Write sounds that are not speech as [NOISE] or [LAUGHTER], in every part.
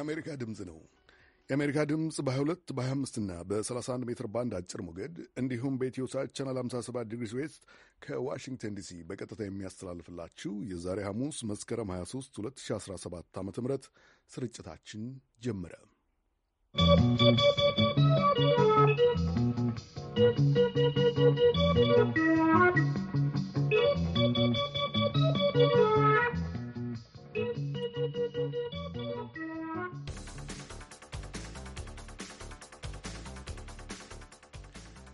የአሜሪካ ድምፅ ነው። የአሜሪካ ድምፅ በ22 በ25ና በ31 ሜትር ባንድ አጭር ሞገድ እንዲሁም በኢትዮ ሳት ቻናል 57 ዲግሪ ዌስት ከዋሽንግተን ዲሲ በቀጥታ የሚያስተላልፍላችሁ የዛሬ ሐሙስ መስከረም 23 2017 ዓ ም ስርጭታችን ጀመረ። ¶¶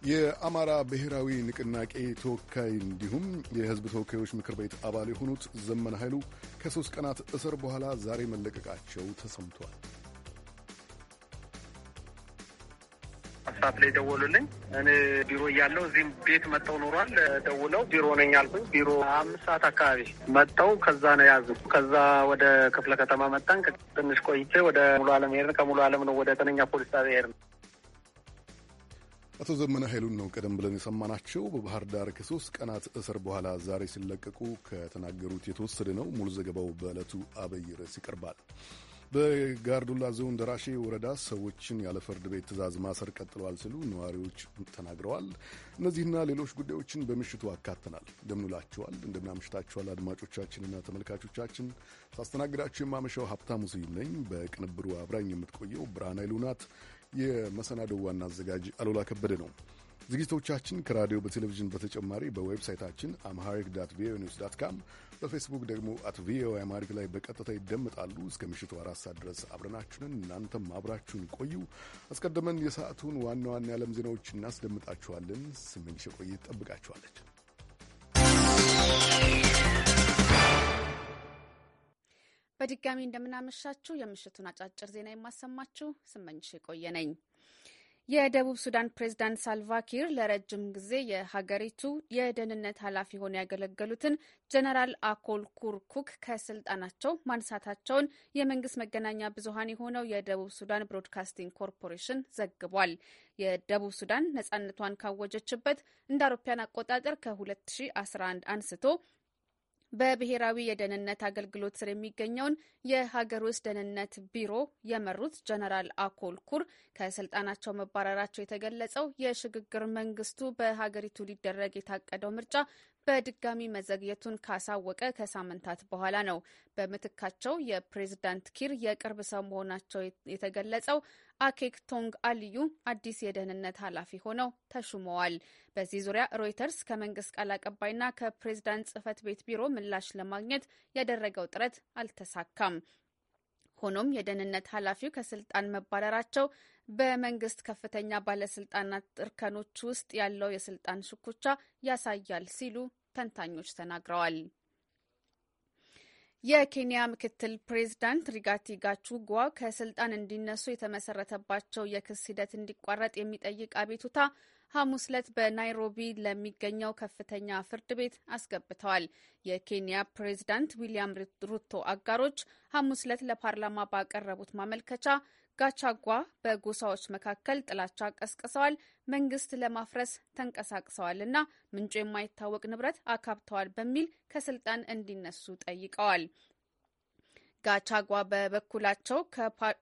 የአማራ ብሔራዊ ንቅናቄ ተወካይ እንዲሁም የሕዝብ ተወካዮች ምክር ቤት አባል የሆኑት ዘመን ኃይሉ ከሦስት ቀናት እስር በኋላ ዛሬ መለቀቃቸው ተሰምቷል። ሰዓት ላይ ደወሉልኝ። እኔ ቢሮ እያለው እዚህም ቤት መጠው ኖሯል። ደውለው ቢሮ ነኝ አልኩኝ። ቢሮ አምስት ሰዓት አካባቢ መጠው ከዛ ነው ያዙ። ከዛ ወደ ክፍለ ከተማ መጣን። ትንሽ ቆይቼ ወደ ሙሉ አለም ሄድን። ከሙሉ አለም ነው ወደ ጥነኛ ፖሊስ ጣቢያ ሄድን። አቶ ዘመነ ኃይሉን ነው ቀደም ብለን የሰማናቸው። በባህር ዳር ከሶስት ቀናት እስር በኋላ ዛሬ ሲለቀቁ ከተናገሩት የተወሰደ ነው። ሙሉ ዘገባው በዕለቱ አብይ ርዕስ ይቀርባል። በጋርዱላ ዞን ደራሼ ወረዳ ሰዎችን ያለ ፍርድ ቤት ትዕዛዝ ማሰር ቀጥለዋል ሲሉ ነዋሪዎች ተናግረዋል። እነዚህና ሌሎች ጉዳዮችን በምሽቱ አካተናል። እንደምንውላችኋል፣ እንደምናምሽታችኋል አድማጮቻችንና ተመልካቾቻችን። ሳስተናግዳችሁ የማመሻው ሀብታሙ ስዩም ነኝ። በቅንብሩ አብራኝ የምትቆየው ብርሃን ኃይሉ ናት። የመሰናዶው ዋና አዘጋጅ አሉላ ከበደ ነው። ዝግጅቶቻችን ከራዲዮ በቴሌቪዥን በተጨማሪ በዌብሳይታችን አምሃሪክ ዳት ቪኦኤ ኒውስ ዳት ካም፣ በፌስቡክ ደግሞ አት ቪኦኤ አማሪክ ላይ በቀጥታ ይደመጣሉ። እስከ ምሽቱ አራት ሰዓት ድረስ አብረናችሁንን እናንተም አብራችሁን ቆዩ። አስቀድመን የሰዓቱን ዋና ዋና የዓለም ዜናዎች እናስደምጣችኋለን። ስምንሽ ቆይ ትጠብቃችኋለች። በድጋሚ እንደምናመሻችሁ የምሽቱን አጫጭር ዜና የማሰማችሁ ስመኝሽ የቆየ ነኝ። የደቡብ ሱዳን ፕሬዝዳንት ሳልቫኪር ለረጅም ጊዜ የሀገሪቱ የደህንነት ኃላፊ ሆነው ያገለገሉትን ጀነራል አኮል ኩርኩክ ከስልጣናቸው ማንሳታቸውን የመንግስት መገናኛ ብዙሀን የሆነው የደቡብ ሱዳን ብሮድካስቲንግ ኮርፖሬሽን ዘግቧል። የደቡብ ሱዳን ነጻነቷን ካወጀችበት እንደ አውሮፓያን አቆጣጠር ከ2011 አንስቶ በብሔራዊ የደህንነት አገልግሎት ስር የሚገኘውን የሀገር ውስጥ ደህንነት ቢሮ የመሩት ጀነራል አኮል ኩር ከስልጣናቸው መባረራቸው የተገለጸው የሽግግር መንግስቱ በሀገሪቱ ሊደረግ የታቀደው ምርጫ በድጋሚ መዘግየቱን ካሳወቀ ከሳምንታት በኋላ ነው። በምትካቸው የፕሬዝዳንት ኪር የቅርብ ሰው መሆናቸው የተገለጸው አኬክ ቶንግ አልዩ አዲስ የደህንነት ኃላፊ ሆነው ተሹመዋል። በዚህ ዙሪያ ሮይተርስ ከመንግስት ቃል አቀባይና ከፕሬዝዳንት ጽህፈት ቤት ቢሮ ምላሽ ለማግኘት ያደረገው ጥረት አልተሳካም። ሆኖም የደህንነት ኃላፊው ከስልጣን መባረራቸው በመንግስት ከፍተኛ ባለስልጣናት እርከኖች ውስጥ ያለው የስልጣን ሽኩቻ ያሳያል ሲሉ ተንታኞች ተናግረዋል። የኬንያ ምክትል ፕሬዝዳንት ሪጋቲ ጋቹጓ ከስልጣን እንዲነሱ የተመሰረተባቸው የክስ ሂደት እንዲቋረጥ የሚጠይቅ አቤቱታ ሐሙስ ዕለት በናይሮቢ ለሚገኘው ከፍተኛ ፍርድ ቤት አስገብተዋል። የኬንያ ፕሬዝዳንት ዊሊያም ሩቶ አጋሮች ሐሙስ ዕለት ለፓርላማ ባቀረቡት ማመልከቻ ጋቻጓ በጎሳዎች መካከል ጥላቻ ቀስቅሰዋል፣ መንግስት ለማፍረስ ተንቀሳቅሰዋል እና ምንጩ የማይታወቅ ንብረት አካብተዋል በሚል ከስልጣን እንዲነሱ ጠይቀዋል። ጋቻጓ በበኩላቸው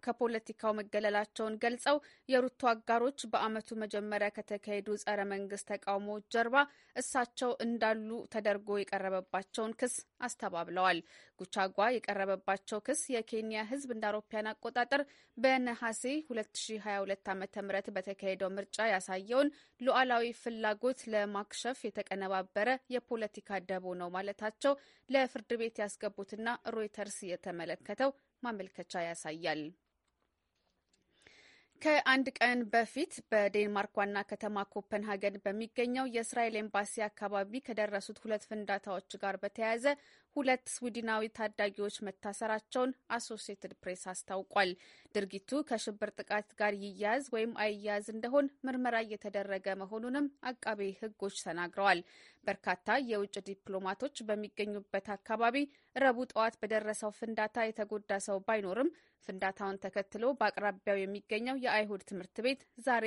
ከፖለቲካው መገለላቸውን ገልጸው የሩቶ አጋሮች በዓመቱ መጀመሪያ ከተካሄዱ ጸረ መንግስት ተቃውሞዎች ጀርባ እሳቸው እንዳሉ ተደርጎ የቀረበባቸውን ክስ አስተባብለዋል። ጉቻጓ የቀረበባቸው ክስ የኬንያ ሕዝብ እንደ አውሮፓውያን አቆጣጠር በነሐሴ 2022 ዓ ም በተካሄደው ምርጫ ያሳየውን ሉዓላዊ ፍላጎት ለማክሸፍ የተቀነባበረ የፖለቲካ ደቦ ነው ማለታቸው ለፍርድ ቤት ያስገቡትና ሮይተርስ የተመለ የሚመለከተው ማመልከቻ ያሳያል። ከአንድ ቀን በፊት በዴንማርክ ዋና ከተማ ኮፐንሃገን በሚገኘው የእስራኤል ኤምባሲ አካባቢ ከደረሱት ሁለት ፍንዳታዎች ጋር በተያያዘ ሁለት ስዊድናዊ ታዳጊዎች መታሰራቸውን አሶሲየትድ ፕሬስ አስታውቋል። ድርጊቱ ከሽብር ጥቃት ጋር ይያያዝ ወይም አይያያዝ እንደሆን ምርመራ እየተደረገ መሆኑንም አቃቤ ሕጎች ተናግረዋል። በርካታ የውጭ ዲፕሎማቶች በሚገኙበት አካባቢ ረቡዕ ጠዋት በደረሰው ፍንዳታ የተጎዳ ሰው ባይኖርም ፍንዳታውን ተከትሎ በአቅራቢያው የሚገኘው የአይሁድ ትምህርት ቤት ዛሬ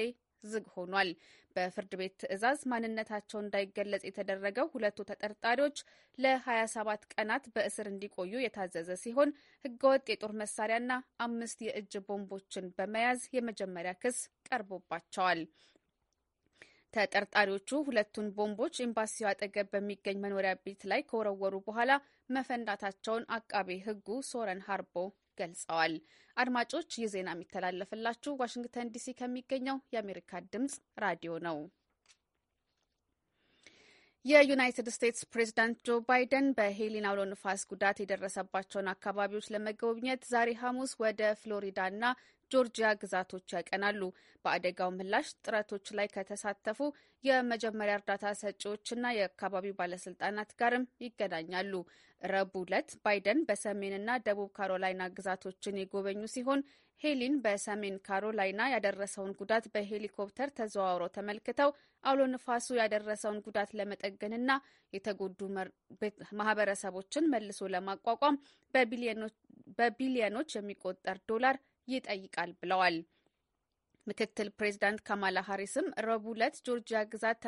ዝግ ሆኗል። በፍርድ ቤት ትዕዛዝ ማንነታቸው እንዳይገለጽ የተደረገው ሁለቱ ተጠርጣሪዎች ለ27 ቀናት በእስር እንዲቆዩ የታዘዘ ሲሆን ህገወጥ የጦር መሳሪያና አምስት የእጅ ቦምቦችን በመያዝ የመጀመሪያ ክስ ቀርቦባቸዋል። ተጠርጣሪዎቹ ሁለቱን ቦምቦች ኤምባሲው አጠገብ በሚገኝ መኖሪያ ቤት ላይ ከወረወሩ በኋላ መፈንዳታቸውን አቃቤ ህጉ ሶረን ሀርቦ። ገልጸዋል። አድማጮች ይህ ዜና የሚተላለፍላችሁ ዋሽንግተን ዲሲ ከሚገኘው የአሜሪካ ድምጽ ራዲዮ ነው። የዩናይትድ ስቴትስ ፕሬዚዳንት ጆ ባይደን በሄሊን አውሎ ንፋስ ጉዳት የደረሰባቸውን አካባቢዎች ለመጎብኘት ዛሬ ሐሙስ ወደ ፍሎሪዳና ጆርጂያ ግዛቶች ያቀናሉ። በአደጋው ምላሽ ጥረቶች ላይ ከተሳተፉ የመጀመሪያ እርዳታ ሰጪዎችና የአካባቢው ባለስልጣናት ጋርም ይገናኛሉ። ረቡዕ ዕለት ባይደን በሰሜንና ደቡብ ካሮላይና ግዛቶችን የጎበኙ ሲሆን ሄሊን በሰሜን ካሮላይና ያደረሰውን ጉዳት በሄሊኮፕተር ተዘዋውረው ተመልክተው አውሎ ንፋሱ ያደረሰውን ጉዳት ለመጠገንና የተጎዱ ማህበረሰቦችን መልሶ ለማቋቋም በቢሊዮኖች የሚቆጠር ዶላር ይጠይቃል ብለዋል። ምክትል ፕሬዚዳንት ካማላ ሀሪስም ረቡዕ ዕለት ጆርጂያ ግዛት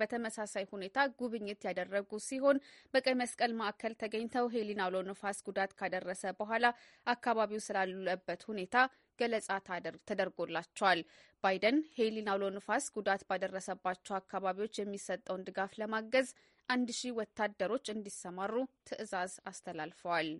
በተመሳሳይ ሁኔታ ጉብኝት ያደረጉ ሲሆን በቀይ መስቀል ማዕከል ተገኝተው ሄሊን አውሎ ነፋስ ጉዳት ካደረሰ በኋላ አካባቢው ስላሉበት ሁኔታ ገለጻ ተደርጎላቸዋል። ባይደን ሄሊን አውሎ ንፋስ ጉዳት ባደረሰባቸው አካባቢዎች የሚሰጠውን ድጋፍ ለማገዝ አንድ ሺህ ወታደሮች እንዲሰማሩ ትዕዛዝ አስተላልፈዋል።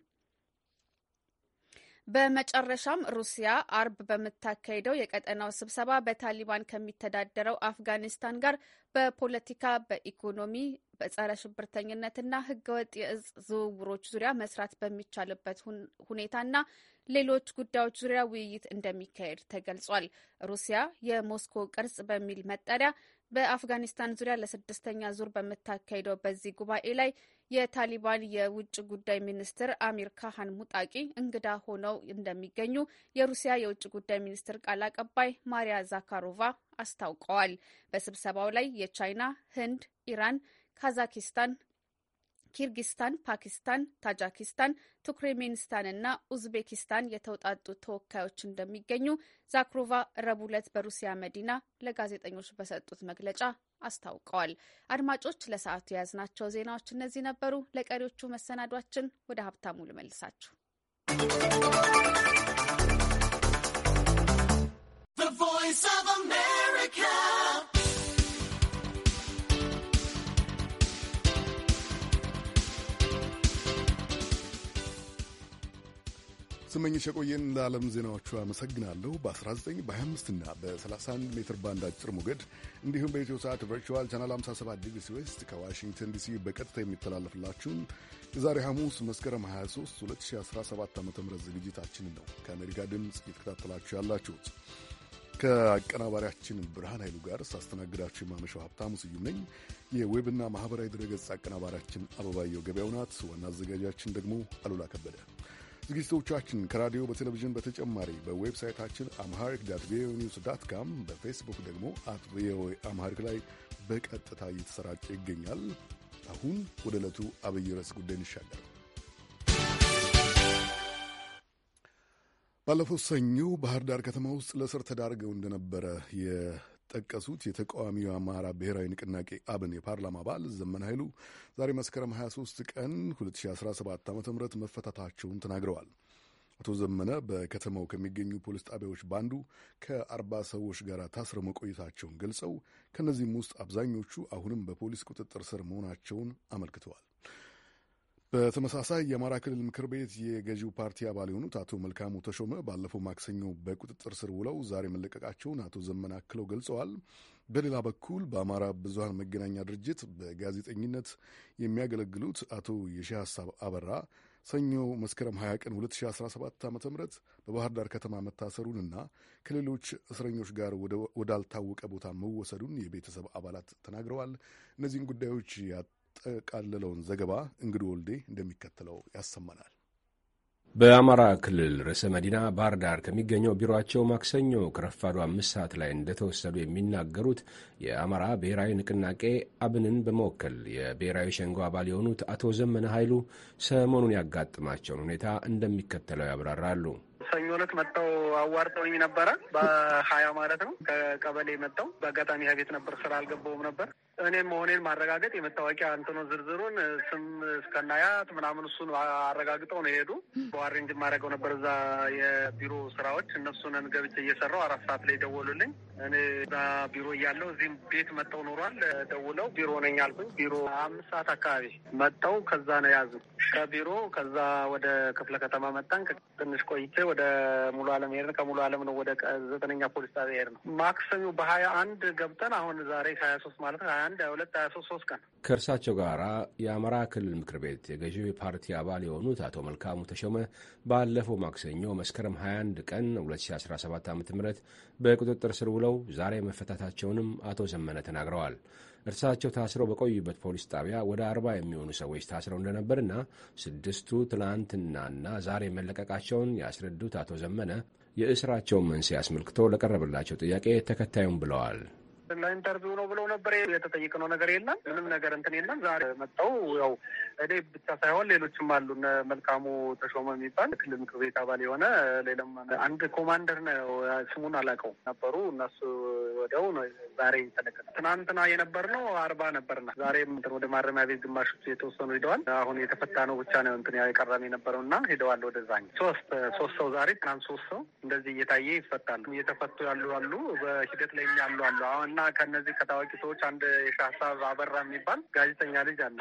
በመጨረሻም ሩሲያ አርብ በምታካሄደው የቀጠናው ስብሰባ በታሊባን ከሚተዳደረው አፍጋኒስታን ጋር በፖለቲካ፣ በኢኮኖሚ በጸረ ሽብርተኝነትና ህገወጥ የእጽ ዝውውሮች ዙሪያ መስራት በሚቻልበት ሁኔታና ሌሎች ጉዳዮች ዙሪያ ውይይት እንደሚካሄድ ተገልጿል። ሩሲያ የሞስኮ ቅርጽ በሚል መጠሪያ በአፍጋኒስታን ዙሪያ ለስድስተኛ ዙር በምታካሄደው በዚህ ጉባኤ ላይ የታሊባን የውጭ ጉዳይ ሚኒስትር አሚር ካሃን ሙጣቂ እንግዳ ሆነው እንደሚገኙ የሩሲያ የውጭ ጉዳይ ሚኒስትር ቃል አቀባይ ማሪያ ዛካሮቫ አስታውቀዋል። በስብሰባው ላይ የቻይና፣ ህንድ፣ ኢራን፣ ካዛኪስታን፣ ኪርጊስታን፣ ፓኪስታን፣ ታጃኪስታን፣ ቱርክሜኒስታን እና ኡዝቤኪስታን የተውጣጡ ተወካዮች እንደሚገኙ ዛክሮቫ ረቡዕ ዕለት በሩሲያ መዲና ለጋዜጠኞች በሰጡት መግለጫ አስታውቀዋል። አድማጮች ለሰዓቱ የያዝናቸው ዜናዎች እነዚህ ነበሩ። ለቀሪዎቹ መሰናዷችን ወደ ሀብታሙ ልመልሳችሁ። The ስመኝሽ የቆየን ለዓለም ዜናዎቹ አመሰግናለሁ። በ19 በ25 እና በ31 ሜትር ባንድ አጭር ሞገድ እንዲሁም በኢትዮ ሰዓት ቨርቹዋል ቻናል 57 ዲግሪ ስዌስት ከዋሽንግተን ዲሲ በቀጥታ የሚተላለፍላችሁን የዛሬ ሐሙስ መስከረም 23 2017 ዓ ም ዝግጅታችንን ነው ከአሜሪካ ድምፅ እየተከታተላችሁ ያላችሁት። ከአቀናባሪያችን ብርሃን ኃይሉ ጋር ሳስተናግዳችሁ የማመሻው ሀብታሙ ስዩም ነኝ። የዌብና ማኅበራዊ ድረገጽ አቀናባሪያችን አበባየው ገበያው ናት። ዋና አዘጋጃችን ደግሞ አሉላ ከበደ ዝግጅቶቻችን ከራዲዮ በቴሌቪዥን በተጨማሪ በዌብሳይታችን አምሃሪክ ዳት ቪኦኤ ኒውስ ዳት ካም፣ በፌስቡክ ደግሞ አት ቪኦኤ አምሃሪክ ላይ በቀጥታ እየተሰራጨ ይገኛል። አሁን ወደ ዕለቱ አብይ ርዕስ ጉዳይ እንሻገር። ባለፈው ሰኞ ባህር ዳር ከተማ ውስጥ ለእስር ተዳርገው እንደነበረ የጠቀሱት የተቃዋሚው አማራ ብሔራዊ ንቅናቄ አብን የፓርላማ አባል ዘመን ኃይሉ ዛሬ መስከረም 23 ቀን 2017 ዓ ም መፈታታቸውን ተናግረዋል። አቶ ዘመነ በከተማው ከሚገኙ ፖሊስ ጣቢያዎች ባንዱ ከአርባ ሰዎች ጋር ታስረው መቆየታቸውን ገልጸው ከእነዚህም ውስጥ አብዛኞቹ አሁንም በፖሊስ ቁጥጥር ስር መሆናቸውን አመልክተዋል። በተመሳሳይ የአማራ ክልል ምክር ቤት የገዢው ፓርቲ አባል የሆኑት አቶ መልካሙ ተሾመ ባለፈው ማክሰኞ በቁጥጥር ስር ውለው ዛሬ መለቀቃቸውን አቶ ዘመን አክለው ገልጸዋል። በሌላ በኩል በአማራ ብዙሀን መገናኛ ድርጅት በጋዜጠኝነት የሚያገለግሉት አቶ የሺ ሀሳብ አበራ ሰኞ መስከረም 20 ቀን 2017 ዓ ም በባህር ዳር ከተማ መታሰሩንና ከሌሎች እስረኞች ጋር ወዳልታወቀ ቦታ መወሰዱን የቤተሰብ አባላት ተናግረዋል። እነዚህን ጉዳዮች ያጠቃለለውን ዘገባ እንግዱ ወልዴ እንደሚከተለው ያሰማናል። በአማራ ክልል ርዕሰ መዲና ባህር ዳር ከሚገኘው ቢሮቸው ማክሰኞ ከረፋዱ አምስት ሰዓት ላይ እንደተወሰዱ የሚናገሩት የአማራ ብሔራዊ ንቅናቄ አብንን በመወከል የብሔራዊ ሸንጎ አባል የሆኑት አቶ ዘመነ ኃይሉ ሰሞኑን ያጋጥማቸውን ሁኔታ እንደሚከተለው ያብራራሉ። ሰኞ ዕለት መጥተው አዋርጠውኝ ነበረ። በሀያ ማለት ነው። ከቀበሌ መጥተው በአጋጣሚ ቤት ነበር፣ ስራ አልገባውም ነበር። እኔም መሆኔን ማረጋገጥ የመታወቂያ እንትኑ ዝርዝሩን ስም እስከናያት ምናምን እሱን አረጋግጠው ነው የሄዱ። በዋሬንጅ የማደርገው ነበር እዛ የቢሮ ስራዎች እነሱን ገብቼ እየሰራው አራት ሰዓት ላይ ደወሉልኝ። እኔ እዛ ቢሮ እያለው እዚህም ቤት መጠው ኖሯል። ደውለው ቢሮ ነኝ አልኩኝ። ቢሮ አምስት ሰዓት አካባቢ መጠው ከዛ ነው ያዙ። ከቢሮ ከዛ ወደ ክፍለ ከተማ መጣን። ትንሽ ቆይቼ ወደ ሙሉ አለም ሄድን። ከሙሉ አለም ነው ወደ ዘጠነኛ ፖሊስ ጣቢያ ሄድ ነው ማክሰኞ በሀያ አንድ ገብተን አሁን ዛሬ ሀያ ሶስት ማለት ሀያ አንድ ሁለት ሀያ ሶስት ሶስት ቀን ከእርሳቸው ጋር የአማራ ክልል ምክር ቤት የገዢው ፓርቲ አባል የሆኑት አቶ መልካሙ ተሾመ ባለፈው ማክሰኞ መስከረም 21 ቀን 2017 ዓ ም በቁጥጥር ስር ውለው ዛሬ መፈታታቸውንም አቶ ዘመነ ተናግረዋል። እርሳቸው ታስረው በቆዩበት ፖሊስ ጣቢያ ወደ አርባ የሚሆኑ ሰዎች ታስረው እንደነበርና ስድስቱ ትናንትናና ዛሬ መለቀቃቸውን ያስረዱት አቶ ዘመነ የእስራቸውን መንስኤ አስመልክቶ ለቀረበላቸው ጥያቄ ተከታዩም ብለዋል። ለኢንተርቪው ነው ብለው ነበር። የተጠየቅነው ነገር የለም። ምንም ነገር እንትን የለም። ዛሬ መጣው ያው እኔ ብቻ ሳይሆን ሌሎችም አሉ። መልካሙ ተሾመ የሚባል ክልል ምክር ቤት አባል የሆነ ሌላም አንድ ኮማንደር ነው፣ ስሙን አላውቀውም ነበሩ። እነሱ ወደው ዛሬ ተለቀቀ። ትናንትና የነበር ነው አርባ ነበርና ዛሬም እንትን ወደ ማረሚያ ቤት ግማሽ የተወሰኑ ሂደዋል። አሁን የተፈታ ነው ብቻ ነው እንትን የቀረም የነበረው እና ሂደዋል ወደዛ። ሶስት ሶስት ሰው ዛሬ፣ ትናንት ሶስት ሰው እንደዚህ እየታየ ይፈታሉ። እየተፈቱ ያሉ አሉ፣ በሂደት ላይ ያሉ አሉ እና ከነዚህ ከታዋቂ ሰዎች አንድ የሻሳብ አበራ የሚባል ጋዜጠኛ ልጅ አለ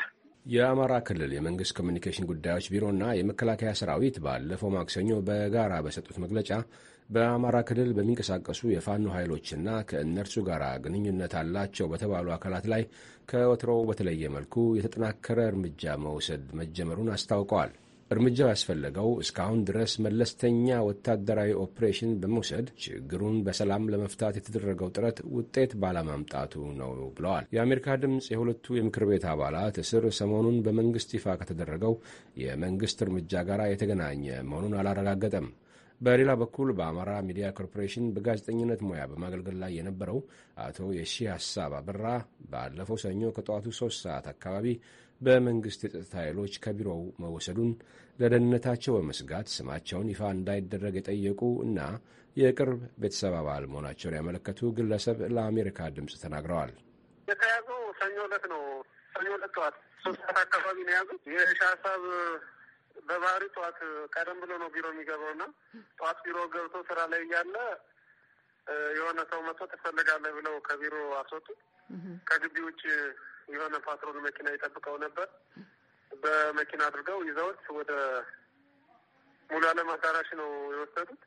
የአማራ ክልል የመንግስት ኮሚኒኬሽን ጉዳዮች ቢሮና የመከላከያ ሰራዊት ባለፈው ማክሰኞ በጋራ በሰጡት መግለጫ በአማራ ክልል በሚንቀሳቀሱ የፋኖ ኃይሎችና ከእነርሱ ጋር ግንኙነት አላቸው በተባሉ አካላት ላይ ከወትሮው በተለየ መልኩ የተጠናከረ እርምጃ መውሰድ መጀመሩን አስታውቀዋል። እርምጃው ያስፈለገው እስካሁን ድረስ መለስተኛ ወታደራዊ ኦፕሬሽን በመውሰድ ችግሩን በሰላም ለመፍታት የተደረገው ጥረት ውጤት ባለማምጣቱ ነው ብለዋል። የአሜሪካ ድምፅ የሁለቱ የምክር ቤት አባላት እስር ሰሞኑን በመንግስት ይፋ ከተደረገው የመንግስት እርምጃ ጋር የተገናኘ መሆኑን አላረጋገጠም። በሌላ በኩል በአማራ ሚዲያ ኮርፖሬሽን በጋዜጠኝነት ሙያ በማገልገል ላይ የነበረው አቶ የሺህ ሀሳብ አበራ ባለፈው ሰኞ ከጠዋቱ ሶስት ሰዓት አካባቢ በመንግስት የጸጥታ ኃይሎች ከቢሮው መወሰዱን ለደህንነታቸው በመስጋት ስማቸውን ይፋ እንዳይደረግ የጠየቁ እና የቅርብ ቤተሰብ አባል መሆናቸውን ያመለከቱ ግለሰብ ለአሜሪካ ድምፅ ተናግረዋል። የተያዘው ሰኞ ዕለት ነው። ሰኞ ዕለት ጠዋት ሶስት ሰዓት አካባቢ ነው የያዙት። ሀሳብ በባህሪ ጠዋት ቀደም ብሎ ነው ቢሮ የሚገባው እና ጠዋት ቢሮ ገብቶ ስራ ላይ እያለ የሆነ ሰው መጥቶ ትፈልጋለህ ብለው ከቢሮ አስወጡት። ከግቢ ውጭ የሆነ ፓትሮል መኪና ይጠብቀው ነበር። በመኪና አድርገው ይዘውት ወደ ሙሉ አለም አዳራሽ ነው የወሰዱት።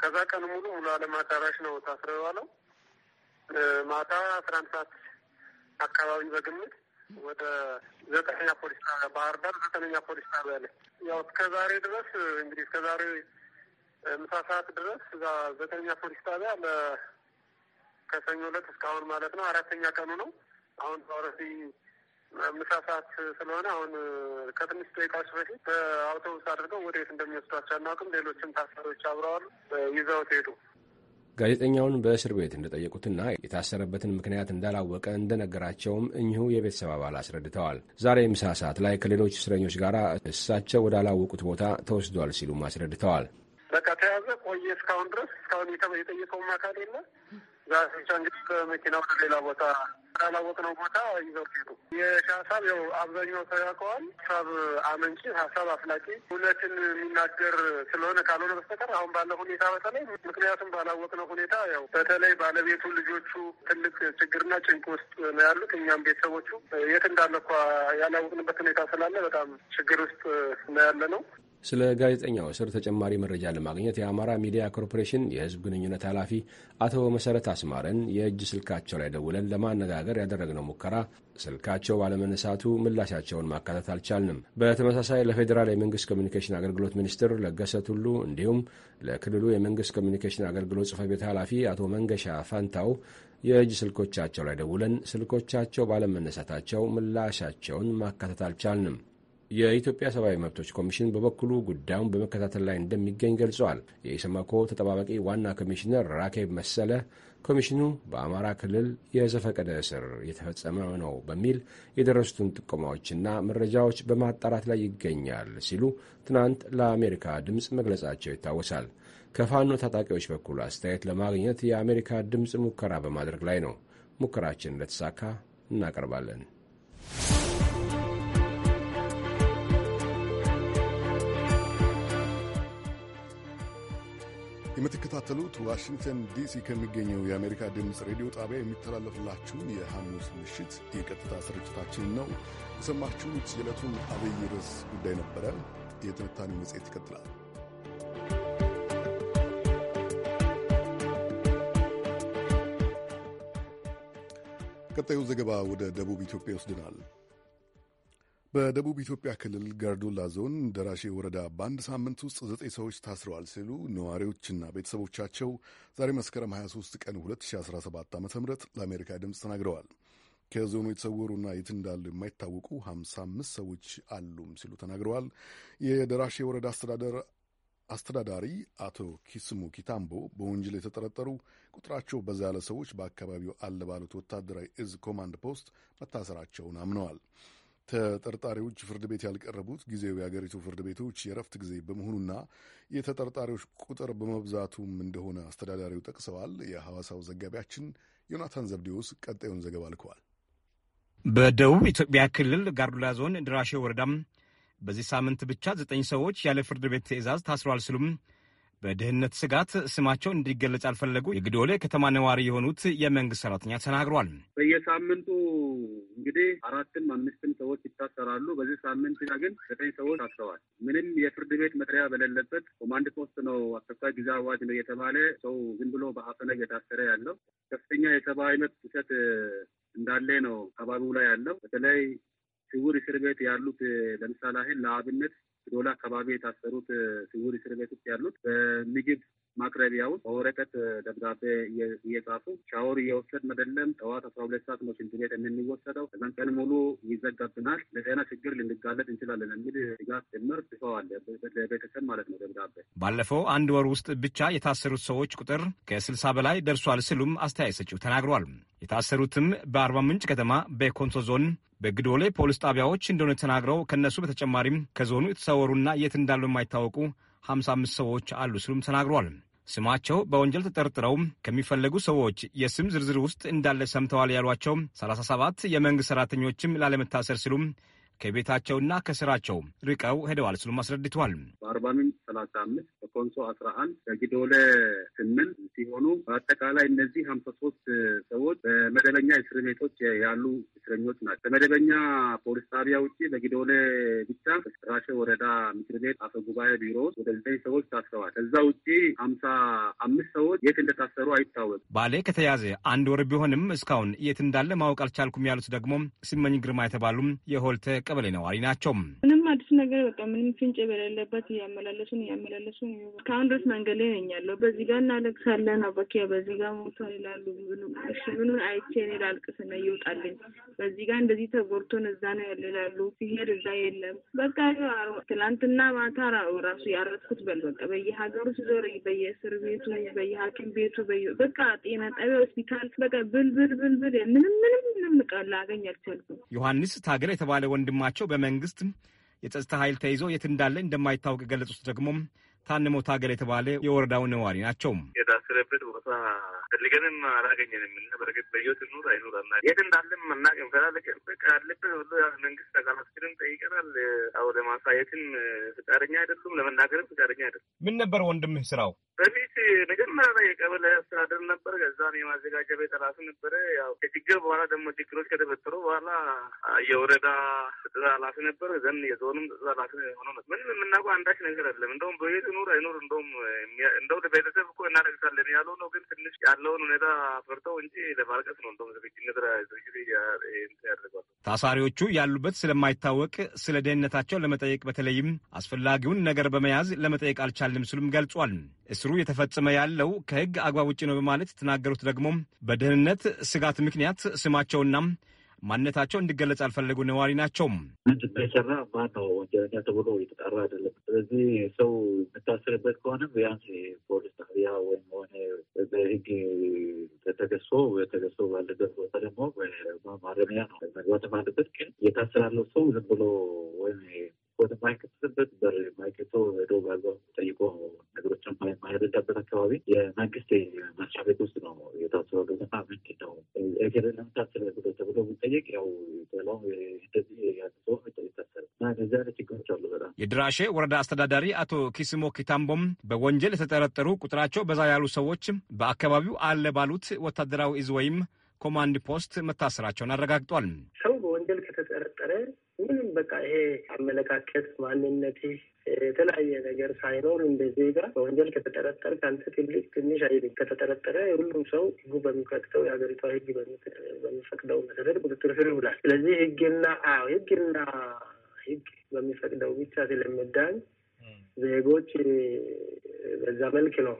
ከዛ ቀን ሙሉ ሙሉ አለም አዳራሽ ነው ታስረው የዋለው። ማታ አስራ አንድ ሰዓት አካባቢ በግምት ወደ ዘጠነኛ ፖሊስ ጣቢያ ባህር ዳር ዘጠነኛ ፖሊስ ጣቢያ ላይ ያው እስከ ዛሬ ድረስ እንግዲህ እስከ ዛሬ ምሳ ሰዓት ድረስ እዛ ዘጠነኛ ፖሊስ ጣቢያ ከሰኞ ዕለት እስካሁን ማለት ነው አራተኛ ቀኑ ነው። አሁን ኦልሬዲ ምሳ ሰዓት ስለሆነ አሁን ከትንሽ ደቂቃዎች በፊት በአውቶቡስ አድርገው ወደየት እንደሚወስዷቸው አናውቅም። ሌሎችም ታሳሪዎች አብረዋል ይዘውት ሄዱ። ጋዜጠኛውን በእስር ቤት እንደጠየቁትና የታሰረበትን ምክንያት እንዳላወቀ እንደነገራቸውም እኚሁ የቤተሰብ አባል አስረድተዋል። ዛሬ ምሳ ሰዓት ላይ ከሌሎች እስረኞች ጋር እሳቸው ወዳላወቁት ቦታ ተወስዷል ሲሉም አስረድተዋል። በቃ ተያዘ ብዬ እስካሁን ድረስ እስካሁን የጠየቀውም አካል የለ። ዛሬ ብቻ እንግዲህ ከመኪና ወደ ሌላ ቦታ ነው ቦታ ይዘው ሄዱ። የሻሳብ ያው አብዛኛው ሰው ያውቀዋል። ሀሳብ አመንጭ፣ ሀሳብ አፍላቂ፣ እውነትን የሚናገር ስለሆነ ካልሆነ በስተቀር አሁን ባለው ሁኔታ በተለይ ምክንያቱም ባላወቅነው ሁኔታ ያው በተለይ ባለቤቱ፣ ልጆቹ ትልቅ ችግርና ጭንቅ ውስጥ ነው ያሉት። እኛም ቤተሰቦቹ የት እንዳለ እኳ ያላወቅንበት ሁኔታ ስላለ በጣም ችግር ውስጥ ነው ያለ ነው። ስለ ጋዜጠኛው እስር ተጨማሪ መረጃ ለማግኘት የአማራ ሚዲያ ኮርፖሬሽን የህዝብ ግንኙነት ኃላፊ አቶ መሰረት አስማረን የእጅ ስልካቸው ላይ ደውለን ለማነጋገር ያደረግነው ሙከራ ስልካቸው ባለመነሳቱ ምላሻቸውን ማካተት አልቻልንም። በተመሳሳይ ለፌዴራል የመንግስት ኮሚኒኬሽን አገልግሎት ሚኒስትር ለገሰ ቱሉ እንዲሁም ለክልሉ የመንግስት ኮሚኒኬሽን አገልግሎት ጽፈት ቤት ኃላፊ አቶ መንገሻ ፋንታው የእጅ ስልኮቻቸው ላይ ደውለን ስልኮቻቸው ባለመነሳታቸው ምላሻቸውን ማካተት አልቻልንም። የኢትዮጵያ ሰብአዊ መብቶች ኮሚሽን በበኩሉ ጉዳዩን በመከታተል ላይ እንደሚገኝ ገልጸዋል። የኢሰመኮ ተጠባባቂ ዋና ኮሚሽነር ራኬብ መሰለ ኮሚሽኑ በአማራ ክልል የዘፈቀደ እስር የተፈጸመ ነው በሚል የደረሱትን ጥቆማዎችና መረጃዎች በማጣራት ላይ ይገኛል ሲሉ ትናንት ለአሜሪካ ድምፅ መግለጻቸው ይታወሳል። ከፋኖ ታጣቂዎች በኩል አስተያየት ለማግኘት የአሜሪካ ድምፅ ሙከራ በማድረግ ላይ ነው። ሙከራችን ለተሳካ እናቀርባለን። የምትከታተሉት ዋሽንግተን ዲሲ ከሚገኘው የአሜሪካ ድምፅ ሬዲዮ ጣቢያ የሚተላለፍላችሁን የሐሙስ ምሽት የቀጥታ ስርጭታችን ነው። የሰማችሁት የዕለቱን አብይ ርዕስ ጉዳይ ነበረ። የትንታኔ መጽሔት ይቀጥላል። ቀጣዩ ዘገባ ወደ ደቡብ ኢትዮጵያ ይወስድናል። በደቡብ ኢትዮጵያ ክልል ጋርዶላ ዞን ደራሼ ወረዳ በአንድ ሳምንት ውስጥ ዘጠኝ ሰዎች ታስረዋል ሲሉ ነዋሪዎችና ቤተሰቦቻቸው ዛሬ መስከረም 23 ቀን 2017 ዓ ም ለአሜሪካ ድምፅ ተናግረዋል። ከዞኑ የተሰወሩና የት እንዳሉ የማይታወቁ 55 ሰዎች አሉም ሲሉ ተናግረዋል። የደራሼ ወረዳ አስተዳደር አስተዳዳሪ አቶ ኪስሙ ኪታምቦ በወንጀል የተጠረጠሩ ቁጥራቸው በዛ ያለ ሰዎች በአካባቢው አለ ባሉት ወታደራዊ እዝ ኮማንድ ፖስት መታሰራቸውን አምነዋል። ተጠርጣሪዎች ፍርድ ቤት ያልቀረቡት ጊዜው የአገሪቱ ፍርድ ቤቶች የረፍት ጊዜ በመሆኑና የተጠርጣሪዎች ቁጥር በመብዛቱም እንደሆነ አስተዳዳሪው ጠቅሰዋል። የሐዋሳው ዘጋቢያችን ዮናታን ዘብዴዎስ ቀጣዩን ዘገባ ልከዋል። በደቡብ ኢትዮጵያ ክልል ጋርዱላ ዞን ድራሼ ወረዳም በዚህ ሳምንት ብቻ ዘጠኝ ሰዎች ያለ ፍርድ ቤት ትዕዛዝ ታስረዋል ሲሉም በደህንነት ስጋት ስማቸው እንዲገለጽ ያልፈለጉ የግዶሌ ከተማ ነዋሪ የሆኑት የመንግስት ሰራተኛ ተናግሯል። በየሳምንቱ እንግዲህ አራትም አምስትም ሰዎች ይታሰራሉ። በዚህ ሳምንት ግን ዘጠኝ ሰዎች ታስረዋል። ምንም የፍርድ ቤት መጥሪያ በሌለበት ኮማንድ ፖስት ነው አስቸኳይ ጊዜ አዋጅ ነው እየተባለ ሰው ዝም ብሎ በአፈነግ የታሰረ ያለው ከፍተኛ የሰብአዊ መብት ጥሰት እንዳለ ነው አካባቢው ላይ ያለው በተለይ ስውር እስር ቤት ያሉት ለምሳሌ ያህል ለአብነት ዶላ አካባቢ የታሰሩት ስውር እስር ቤት ውስጥ ያሉት በምግብ ማቅረቢያ ውስጥ በወረቀት ደብዳቤ እየጻፉ ሻወር እየወሰድን አይደለም። ጠዋት አስራ ሁለት ሰዓት ነው ሽንት ቤት የምንወሰደው። ከዛን ቀን ሙሉ ይዘጋብናል፣ ለጤና ችግር ልንጋለጥ እንችላለን የሚል ስጋት ጭምር ጽፈዋል። ለቤተሰብ ማለት ነው ደብዳቤ። ባለፈው አንድ ወር ውስጥ ብቻ የታሰሩት ሰዎች ቁጥር ከስልሳ በላይ ደርሷል ሲሉም አስተያየት ሰጪው ተናግሯል። የታሰሩትም በአርባ ምንጭ ከተማ፣ በኮንሶ ዞን፣ በግዶሌ ፖሊስ ጣቢያዎች እንደሆነ ተናግረው ከእነሱ በተጨማሪም ከዞኑ የተሰ የሚዘዋወሩና የት እንዳሉ የማይታወቁ 55 ሰዎች አሉ ሲሉም ተናግሯል። ስማቸው በወንጀል ተጠርጥረው ከሚፈለጉ ሰዎች የስም ዝርዝር ውስጥ እንዳለ ሰምተዋል ያሏቸው 37 የመንግሥት ሠራተኞችም ላለመታሰር ሲሉም ከቤታቸውና ከስራቸው ርቀው ሄደዋል ሲሉም አስረድተዋል። በአርባ ምንጭ ሰላሳ አምስት በኮንሶ አስራ አንድ በጊዶለ ስምንት ሲሆኑ በአጠቃላይ እነዚህ ሀምሳ ሶስት ሰዎች በመደበኛ እስር ቤቶች ያሉ እስረኞች ናቸው። ከመደበኛ ፖሊስ ጣቢያ ውጭ በጊዶለ ብቻ ራሸ ወረዳ ምክር ቤት አፈ ጉባኤ ቢሮ ወደ ዘጠኝ ሰዎች ታስረዋል። ከዛ ውጭ ሀምሳ አምስት ሰዎች የት እንደታሰሩ አይታወቅም። ባሌ ከተያዘ አንድ ወር ቢሆንም እስካሁን የት እንዳለ ማወቅ አልቻልኩም ያሉት ደግሞ ስመኝ ግርማ የተባሉም የሆልተ ቀበሌ ነዋሪ ናቸው። ምንም አዲስ ነገር በቃ ምንም ፍንጭ በሌለበት እያመላለሱን እያመላለሱን እስካሁን ድረስ መንገድ ላይ ነኝ ያለው። በዚህ ጋር እናለቅሳለን አባኪ በዚህ ጋር ሞቷል ይላሉ። እሺ ምኑን አይቼ እኔ ላልቅስ ይወጣልኝ። በዚህ ጋር እንደዚህ ተጎድቶን እዛ ነው ያለ ይላሉ። ሲሄድ እዛ የለም በቃ ትላንትና ማታ ራሱ ያረጥኩት በል በቃ በየሀገሩ ሲዞር በየእስር ቤቱ በየሀኪም ቤቱ በቃ ጤና ጣቢያ ሆስፒታል በቃ ብልብል ብልብል ምንም ምንም ምንም ቃል ላገኝ አልቻልኩም። ዮሐንስ ታገል የተባለ ወንድም ወንድማቸው በመንግስት የጸጥታ ኃይል ተይዞ የት እንዳለ እንደማይታወቅ የገለጹት ደግሞ ታንሞ ታገል የተባለ የወረዳው ነዋሪ ናቸው። የታሰረበት ቦታ ፈልገንም አላገኘንም እና በርግጥ በየት ኑር አይኑር የት እንዳለ አናውቅም። ፈላለቀ በቃ ያለበት ሁሉ መንግስት አካላችንም ጠይቀናል። አሁ ለማሳየትም ፍቃደኛ አይደሉም፣ ለመናገርም ፍቃደኛ አይደሉም። ምን ነበር ወንድምህ ስራው? በፊት ነገ መጀመሪያ የቀበሌ አስተዳደር ነበር። ከዛም የማዘጋጃ ቤት ራሱ ነበረ። ያው ከችግር በኋላ ደግሞ ችግሮች ከተፈጠሩ በኋላ የወረዳ ጽዳ ኃላፊ ነበር። ዘን የዞንም ጽዳ ኃላፊ ሆኖ ነበር። ምንም የምናውቀው አንዳች ነገር አለም። እንደውም በቤት ኑር አይኖር እንደውም እንደው ቤተሰብ እኮ እናደግሳለን ያለው ነው። ግን ትንሽ ያለውን ሁኔታ ፈርተው እንጂ ለማልቀስ ነው። እንደውም ዝግጅነት ዝግጅት ያደርገዋል። ታሳሪዎቹ ያሉበት ስለማይታወቅ ስለ ደህንነታቸው ለመጠየቅ በተለይም አስፈላጊውን ነገር በመያዝ ለመጠየቅ አልቻልም ሲሉም ገልጿል። እስሩ የተፈጸመ ያለው የተባለው ከህግ አግባብ ውጭ ነው በማለት የተናገሩት ደግሞ በደህንነት ስጋት ምክንያት ስማቸውና ማንነታቸው እንዲገለጽ አልፈለጉ ነዋሪ ናቸው። የሰራ ማን ነው ወንጀለኛ ተብሎ የተጣራ አይደለም። ስለዚህ ሰው የምታስርበት ከሆነ ቢያንስ ፖሊስ ጣቢያ ወይም ሆነ በህግ ተገሶ ተገሶ ባለበት ቦታ ደግሞ ማረሚያ ነው መግባት ባለበት። ግን የታስራለው ሰው ዝም ብሎ ወይም ወደ ማይከትበት በር ማይከፍተው ሄዶ ባልባ ጠይቆ የማይረዳበት አካባቢ የመንግስት መስሪያ ቤት ውስጥ ነው የታሰበበት እና ምንድን ነው ኤገር ለምታስበ ብሎ ተብሎ ቢጠየቅ ያው የድራሼ ወረዳ አስተዳዳሪ አቶ ኪስሞ ኪታምቦም በወንጀል የተጠረጠሩ ቁጥራቸው በዛ ያሉ ሰዎች በአካባቢው አለ ባሉት ወታደራዊ እዝ ወይም ኮማንድ ፖስት መታሰራቸውን አረጋግጧል። ሰው በቃ ይሄ አመለካከት፣ ማንነት የተለያየ ነገር ሳይኖር እንደ ዜጋ በወንጀል ከተጠረጠረ ከአንተ ትልቅ ትንሽ አይ ከተጠረጠረ ሁሉም ሰው ህጉ በሚፈቅደው የሀገሪቷ ህግ በሚፈቅደው መሰረት ቁጥጥር ስር ይውላል። ስለዚህ ህግና ህግና ህግ በሚፈቅደው ብቻ ስለምዳኝ ዜጎች በዛ መልክ ነው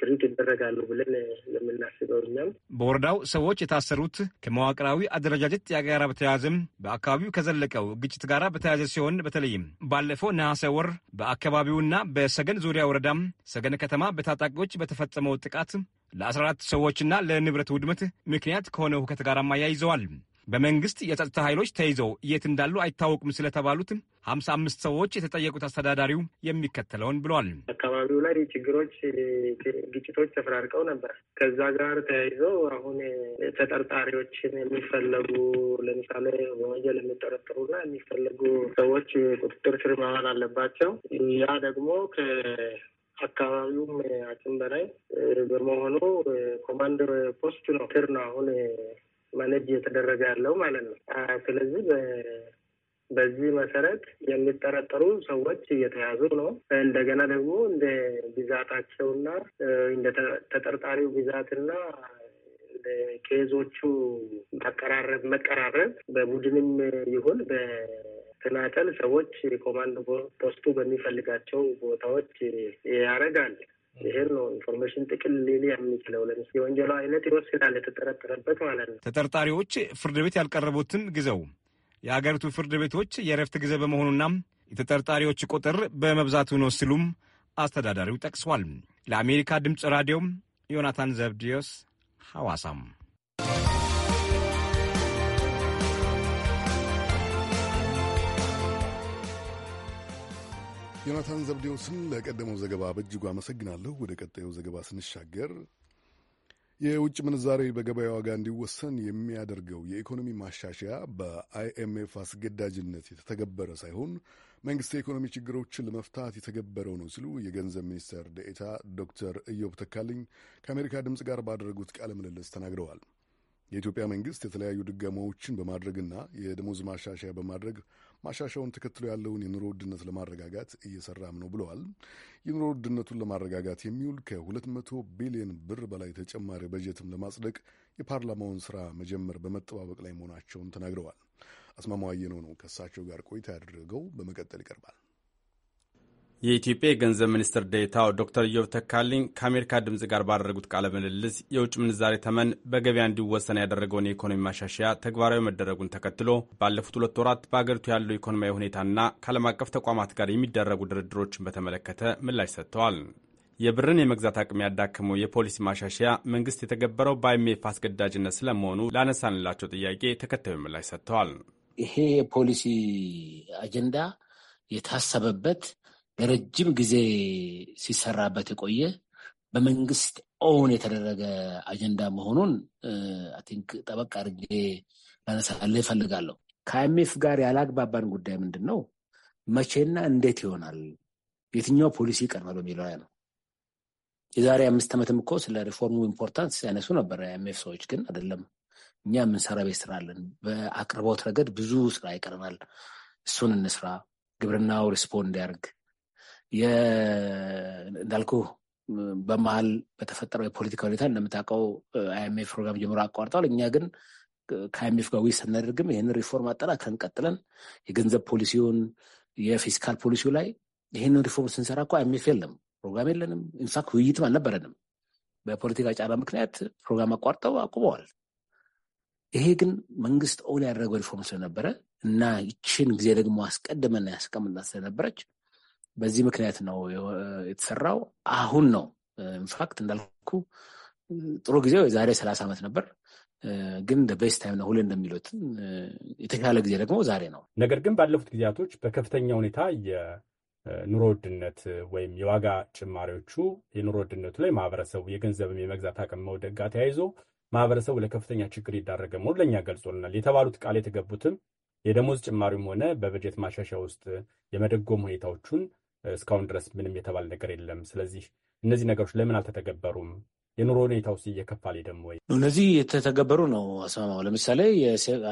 ትሪት ይደረጋሉ ብለን የምናስበው እኛም በወረዳው ሰዎች የታሰሩት ከመዋቅራዊ አደረጃጀት ጥያቄ ጋር በተያያዘም በአካባቢው ከዘለቀው ግጭት ጋር በተያያዘ ሲሆን በተለይም ባለፈው ነሐሴ ወር በአካባቢውና በሰገን ዙሪያ ወረዳም ሰገን ከተማ በታጣቂዎች በተፈጸመው ጥቃት ለ14 ሰዎችና ለንብረት ውድመት ምክንያት ከሆነ ሁከት ጋር አያይዘዋል። በመንግስት የጸጥታ ኃይሎች ተይዘው የት እንዳሉ አይታወቁም ስለተባሉት ሀምሳ አምስት ሰዎች የተጠየቁት አስተዳዳሪው የሚከተለውን ብሏል። አካባቢው ላይ ችግሮች፣ ግጭቶች ተፈራርቀው ነበር። ከዛ ጋር ተያይዘው አሁን ተጠርጣሪዎችን የሚፈለጉ ለምሳሌ በወንጀል የሚጠረጠሩና የሚፈለጉ ሰዎች ቁጥጥር ስር መዋል አለባቸው። ያ ደግሞ አካባቢውም አቅም በላይ በመሆኑ ኮማንደር ፖስት ነው ትር ነው አሁን ማኔጅ እየተደረገ ያለው ማለት ነው። ስለዚህ በዚህ መሰረት የሚጠረጠሩ ሰዎች እየተያዙ ነው። እንደገና ደግሞ እንደ ብዛታቸውና እንደ ተጠርጣሪው ብዛትና ኬዞቹ መቀራረብ መቀራረብ በቡድንም ይሁን በተናጠል ሰዎች ኮማንድ ፖስቱ በሚፈልጋቸው ቦታዎች ያደርጋል። ይሄን ነው ኢንፎርሜሽን ጥቅል ሌል የሚችለው ለምስ የወንጀሉ አይነት ይወስናል የተጠረጠረበት ማለት ነው። ተጠርጣሪዎች ፍርድ ቤት ያልቀረቡትን ጊዜው የአገሪቱ ፍርድ ቤቶች የእረፍት ጊዜ በመሆኑና የተጠርጣሪዎች ቁጥር በመብዛቱ ነው ሲሉም አስተዳዳሪው ጠቅሷል። ለአሜሪካ ድምፅ ራዲዮም ዮናታን ዘብድዮስ ሐዋሳም ዮናታን ዘብዴዎስን ለቀደመው ዘገባ በእጅጉ አመሰግናለሁ። ወደ ቀጣዩ ዘገባ ስንሻገር የውጭ ምንዛሬ በገበያ ዋጋ እንዲወሰን የሚያደርገው የኢኮኖሚ ማሻሻያ በአይኤምኤፍ አስገዳጅነት የተተገበረ ሳይሆን መንግስት የኢኮኖሚ ችግሮችን ለመፍታት የተገበረው ነው ሲሉ የገንዘብ ሚኒስትር ደኤታ ዶክተር እዮብ ተካልኝ ከአሜሪካ ድምፅ ጋር ባደረጉት ቃለ ምልልስ ተናግረዋል። የኢትዮጵያ መንግስት የተለያዩ ድጋማዎችን በማድረግና የደሞዝ ማሻሻያ በማድረግ ማሻሻውን ተከትሎ ያለውን የኑሮ ውድነት ለማረጋጋት እየሰራም ነው ብለዋል። የኑሮ ውድነቱን ለማረጋጋት የሚውል ከ200 ቢሊዮን ብር በላይ ተጨማሪ በጀትም ለማጽደቅ የፓርላማውን ስራ መጀመር በመጠባበቅ ላይ መሆናቸውን ተናግረዋል። አስማማው አየነው ነው ከእሳቸው ጋር ቆይታ ያደረገው፣ በመቀጠል ይቀርባል። የኢትዮጵያ የገንዘብ ሚኒስትር ዴኤታው ዶክተር ኢዮብ ተካልኝ ከአሜሪካ ድምፅ ጋር ባደረጉት ቃለ ምልልስ የውጭ ምንዛሬ ተመን በገበያ እንዲወሰን ያደረገውን የኢኮኖሚ ማሻሻያ ተግባራዊ መደረጉን ተከትሎ ባለፉት ሁለት ወራት በአገሪቱ ያለው ኢኮኖሚያዊ ሁኔታና ከዓለም አቀፍ ተቋማት ጋር የሚደረጉ ድርድሮችን በተመለከተ ምላሽ ሰጥተዋል። የብርን የመግዛት አቅም ያዳከመው የፖሊሲ ማሻሻያ መንግስት የተገበረው በአይኤምኤፍ አስገዳጅነት ስለመሆኑ ላነሳንላቸው ጥያቄ ተከታዩ ምላሽ ሰጥተዋል። ይሄ የፖሊሲ አጀንዳ የታሰበበት ለረጅም ጊዜ ሲሰራበት የቆየ በመንግስት ኦውን የተደረገ አጀንዳ መሆኑን አንክ ጠበቅ አድርጌ ላነሳልህ እፈልጋለሁ። ከአይኤምኤፍ ጋር ያላግባባን ጉዳይ ምንድን ነው? መቼና እንዴት ይሆናል? የትኛው ፖሊሲ ይቀድማል በሚለው ላይ ነው። የዛሬ አምስት ዓመትም እኮ ስለ ሪፎርሙ ኢምፖርታንስ ያነሱ ነበር የአይኤምኤፍ ሰዎች። ግን አይደለም እኛ የምንሰራ ቤት ስራ አለን። በአቅርቦት ረገድ ብዙ ስራ ይቀርናል። እሱን እንስራ፣ ግብርናው ሪስፖንድ ያርግ፣ እንዳልኩ በመሀል በተፈጠረው የፖለቲካ ሁኔታ እንደምታውቀው አይኤምኤፍ ፕሮግራም ጀምሮ አቋርጠዋል። እኛ ግን ከአይኤምኤፍ ጋር ውይይት ስናደርግም ይህንን ሪፎርም አጠናክረን ቀጥለን የገንዘብ ፖሊሲውን የፊስካል ፖሊሲው ላይ ይህንን ሪፎርም ስንሰራ እኮ አይኤምኤፍ የለም፣ ፕሮግራም የለንም፣ ኢንፋክት ውይይትም አልነበረንም። በፖለቲካ ጫና ምክንያት ፕሮግራም አቋርጠው አቁመዋል። ይሄ ግን መንግስት ኦን ያደረገው ሪፎርም ስለነበረ እና ይችን ጊዜ ደግሞ አስቀድመና ያስቀምጣት ስለነበረች በዚህ ምክንያት ነው የተሰራው። አሁን ነው ኢንፋክት እንዳልኩ ጥሩ ጊዜው የዛሬ ሰላሳ ዓመት ነበር ግን ቤስት ታይም ነው ሁሌ እንደሚሉት የተሻለ ጊዜ ደግሞ ዛሬ ነው። ነገር ግን ባለፉት ጊዜያቶች በከፍተኛ ሁኔታ የኑሮ ውድነት ወይም የዋጋ ጭማሪዎቹ የኑሮ ውድነቱ ላይ ማህበረሰቡ የገንዘብም የመግዛት አቅም መውደቅ ጋር ተያይዞ ማህበረሰቡ ለከፍተኛ ችግር ይዳረገ መሆኑ ለእኛ ገልጾልናል። የተባሉት ቃል የተገቡትም የደሞዝ ጭማሪም ሆነ በበጀት ማሻሻያ ውስጥ የመደጎም ሁኔታዎቹን እስካሁን ድረስ ምንም የተባለ ነገር የለም። ስለዚህ እነዚህ ነገሮች ለምን አልተተገበሩም? የኑሮ ሁኔታ ውስጥ እየከፋል ደግሞ እነዚህ የተተገበሩ ነው። አስማማው ለምሳሌ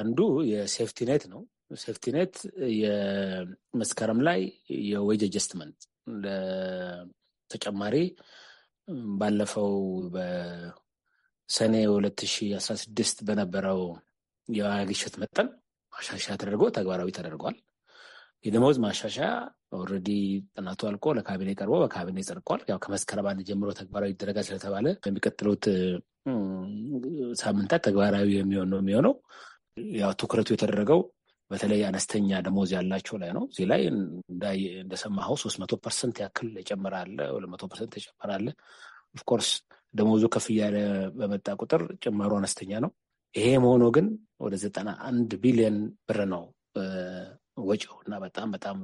አንዱ የሴፍቲኔት ነው። ሴፍቲኔት የመስከረም ላይ የወጅ አጀስትመንት ተጨማሪ ባለፈው በሰኔ 2016 በነበረው የዋጋ ግሽበት መጠን ማሻሻያ ተደርጎ ተግባራዊ ተደርጓል። የደመወዝ ማሻሻያ ኦልሬዲ ጥናቱ አልቆ ለካቢኔ ቀርቦ በካቢኔ ጸድቋል። ያው ከመስከረም አንድ ጀምሮ ተግባራዊ ይደረጋል ስለተባለ በሚቀጥሉት ሳምንታት ተግባራዊ የሚሆን ነው የሚሆነው። ያው ትኩረቱ የተደረገው በተለይ አነስተኛ ደሞዝ ያላቸው ላይ ነው። እዚህ ላይ እንደሰማኸው ሶስት መቶ ፐርሰንት ያክል ጨምራለ፣ ሁለት መቶ ፐርሰንት ተጨምራለ። ኦፍኮርስ ደሞዙ ከፍ እያለ በመጣ ቁጥር ጭማሩ አነስተኛ ነው። ይሄ መሆኖ ግን ወደ ዘጠና አንድ ቢሊዮን ብር ነው ወጪው እና በጣም በጣም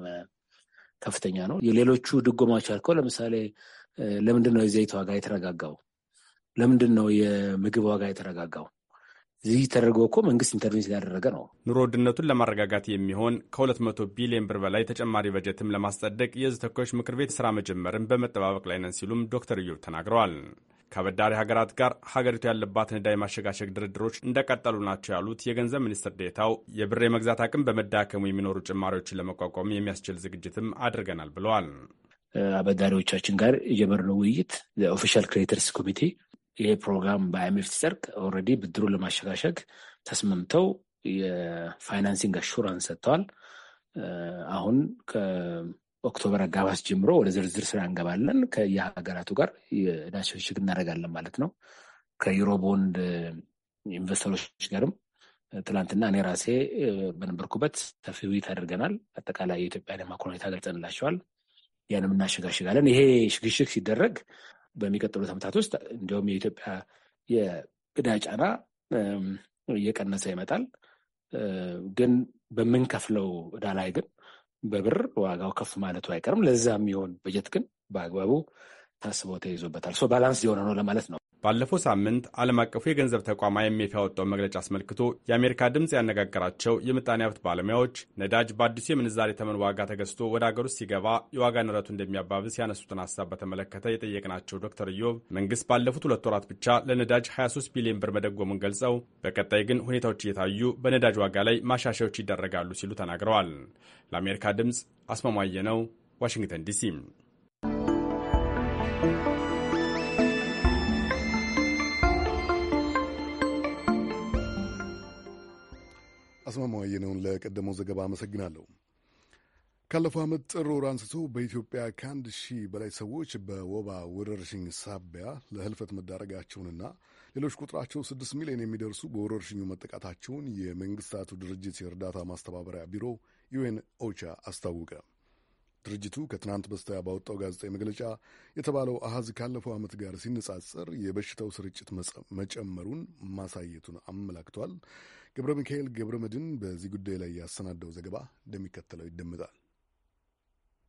ከፍተኛ ነው። የሌሎቹ ድጎማዎች አልከው፣ ለምሳሌ ለምንድን ነው የዘይት ዋጋ የተረጋጋው? ለምንድን ነው የምግብ ዋጋ የተረጋጋው? እዚህ ተደርጎ እኮ መንግስት ኢንተርቪው ያደረገ ነው። ኑሮ ውድነቱን ለማረጋጋት የሚሆን ከ200 ቢሊዮን ብር በላይ ተጨማሪ በጀትም ለማስጸደቅ የህዝብ ተወካዮች ምክር ቤት ስራ መጀመርን በመጠባበቅ ላይ ነን ሲሉም ዶክተር እዮብ ተናግረዋል። ከበዳሪ ሀገራት ጋር ሀገሪቱ ያለባትን ዕዳ የማሸጋሸግ ድርድሮች እንደቀጠሉ ናቸው ያሉት የገንዘብ ሚኒስትር ዴታው የብር የመግዛት አቅም በመዳከሙ የሚኖሩ ጭማሪዎችን ለመቋቋም የሚያስችል ዝግጅትም አድርገናል ብለዋል። አበዳሪዎቻችን ጋር የጀመርነው ውይይት ኦፊሻል ክሬተርስ ኮሚቴ ይሄ ፕሮግራም በአይምኤፍ ሲጸድቅ ኦልሬዲ ብድሩን ለማሸጋሸግ ተስማምተው የፋይናንሲንግ አሹራንስ ሰጥተዋል። አሁን ኦክቶበር አጋባስ ጀምሮ ወደ ዝርዝር ስራ እንገባለን። ከየሀገራቱ ጋር የዕዳ ሽግሽግ እናደርጋለን ማለት ነው። ከዩሮቦንድ ኢንቨስተሮች ጋርም ትላንትና እኔ ራሴ በነበርኩበት ሰፊ ውይይት አድርገናል። አጠቃላይ የኢትዮጵያ የማክሮ ሁኔታ ገልጸንላቸዋል። ያንም እናሸጋሽጋለን። ይሄ ሽግሽግ ሲደረግ በሚቀጥሉት ዓመታት ውስጥ እንዲሁም የኢትዮጵያ የዕዳ ጫና እየቀነሰ ይመጣል። ግን በምንከፍለው ዕዳ ላይ ግን በብር ዋጋው ከፍ ማለቱ አይቀርም። ለዛ የሚሆን በጀት ግን በአግባቡ ታስቦ ተይዞበታል። ባላንስ የሆነ ነው ለማለት ነው። ባለፈው ሳምንት ዓለም አቀፉ የገንዘብ ተቋም አይኤምኤፍ ያወጣው መግለጫ አስመልክቶ የአሜሪካ ድምፅ ያነጋገራቸው የምጣኔ ሀብት ባለሙያዎች ነዳጅ በአዲሱ የምንዛሬ ተመን ዋጋ ተገዝቶ ወደ አገር ውስጥ ሲገባ የዋጋ ንረቱ እንደሚያባብስ ያነሱትን ሀሳብ በተመለከተ የጠየቅናቸው ዶክተር ኢዮብ መንግስት ባለፉት ሁለት ወራት ብቻ ለነዳጅ 23 ቢሊዮን ብር መደጎሙን ገልጸው በቀጣይ ግን ሁኔታዎች እየታዩ በነዳጅ ዋጋ ላይ ማሻሻዎች ይደረጋሉ ሲሉ ተናግረዋል። ለአሜሪካ ድምፅ አስማማየ ነው፣ ዋሽንግተን ዲሲ አስማማው አየነውን ለቀደመው ዘገባ አመሰግናለሁ። ካለፈው ዓመት ጥር ወር አንስቶ በኢትዮጵያ ከአንድ ሺህ በላይ ሰዎች በወባ ወረርሽኝ ሳቢያ ለህልፈት መዳረጋቸውንና ሌሎች ቁጥራቸው ስድስት ሚሊዮን የሚደርሱ በወረርሽኙ መጠቃታቸውን የመንግስታቱ ድርጅት የእርዳታ ማስተባበሪያ ቢሮ ዩኤን ኦቻ አስታወቀ። ድርጅቱ ከትናንት በስቲያ ባወጣው ጋዜጣዊ መግለጫ የተባለው አሃዝ ካለፈው ዓመት ጋር ሲነጻጸር የበሽታው ስርጭት መጨመሩን ማሳየቱን አመላክቷል። ገብረ ሚካኤል ገብረ መድን በዚህ ጉዳይ ላይ ያሰናደው ዘገባ እንደሚከተለው ይደመጣል።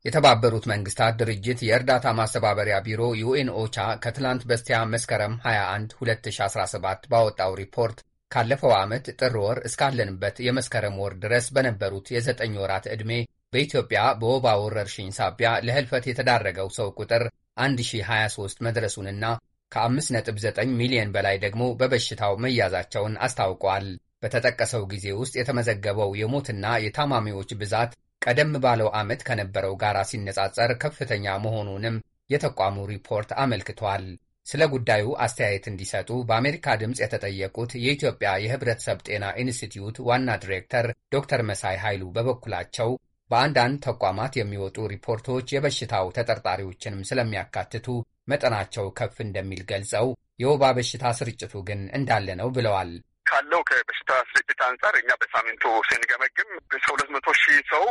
የተባበሩት መንግስታት ድርጅት የእርዳታ ማስተባበሪያ ቢሮ ዩኤን ኦቻ ከትላንት በስቲያ መስከረም 21 2017 ባወጣው ሪፖርት ካለፈው ዓመት ጥር ወር እስካለንበት የመስከረም ወር ድረስ በነበሩት የዘጠኝ ወራት ዕድሜ በኢትዮጵያ በወባ ወረርሽኝ ሳቢያ ለህልፈት የተዳረገው ሰው ቁጥር 1023 መድረሱንና ከ5.9 ሚሊዮን በላይ ደግሞ በበሽታው መያዛቸውን አስታውቋል። በተጠቀሰው ጊዜ ውስጥ የተመዘገበው የሞትና የታማሚዎች ብዛት ቀደም ባለው ዓመት ከነበረው ጋር ሲነጻጸር ከፍተኛ መሆኑንም የተቋሙ ሪፖርት አመልክቷል። ስለ ጉዳዩ አስተያየት እንዲሰጡ በአሜሪካ ድምፅ የተጠየቁት የኢትዮጵያ የሕብረተሰብ ጤና ኢንስቲትዩት ዋና ዲሬክተር ዶክተር መሳይ ኃይሉ በበኩላቸው በአንዳንድ ተቋማት የሚወጡ ሪፖርቶች የበሽታው ተጠርጣሪዎችንም ስለሚያካትቱ መጠናቸው ከፍ እንደሚል ገልጸው የወባ በሽታ ስርጭቱ ግን እንዳለ ነው ብለዋል። ካለው ከበሽታ ስርጭት አንጻር እኛ በሳምንቱ ስንገመግም እስከ ሁለት መቶ ሺህ ሰው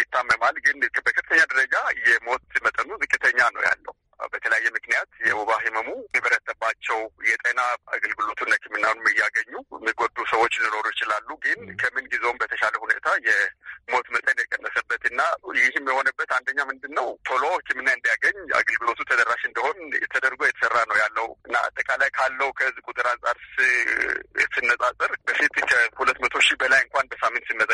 ይታመማል። ግን በከፍተኛ ደረጃ የሞት መጠኑ ዝቅተኛ ነው ያለው። በተለያየ ምክንያት የወባ ህመሙ የበረተባቸው የጤና አገልግሎቱን ሕክምናውን እያገኙ የሚጎዱ ሰዎች ሊኖሩ ይችላሉ። ግን ከምን ጊዜውም በተሻለ ሁኔታ የሞት መጠን የቀነሰበት እና ይህም የሆነበት አንደኛ ምንድን ነው ቶሎ ህክምና እንዲያገኝ አገልግሎቱ ተደራሽ እንደሆን ተደርጎ የተሰራ ነው ያለው እና አጠቃላይ ካለው ከህዝብ ቁጥር አንጻር ስነጻጽር በፊት ከሁለት መቶ ሺህ በላይ እንኳን በሳምንት ሲመዘ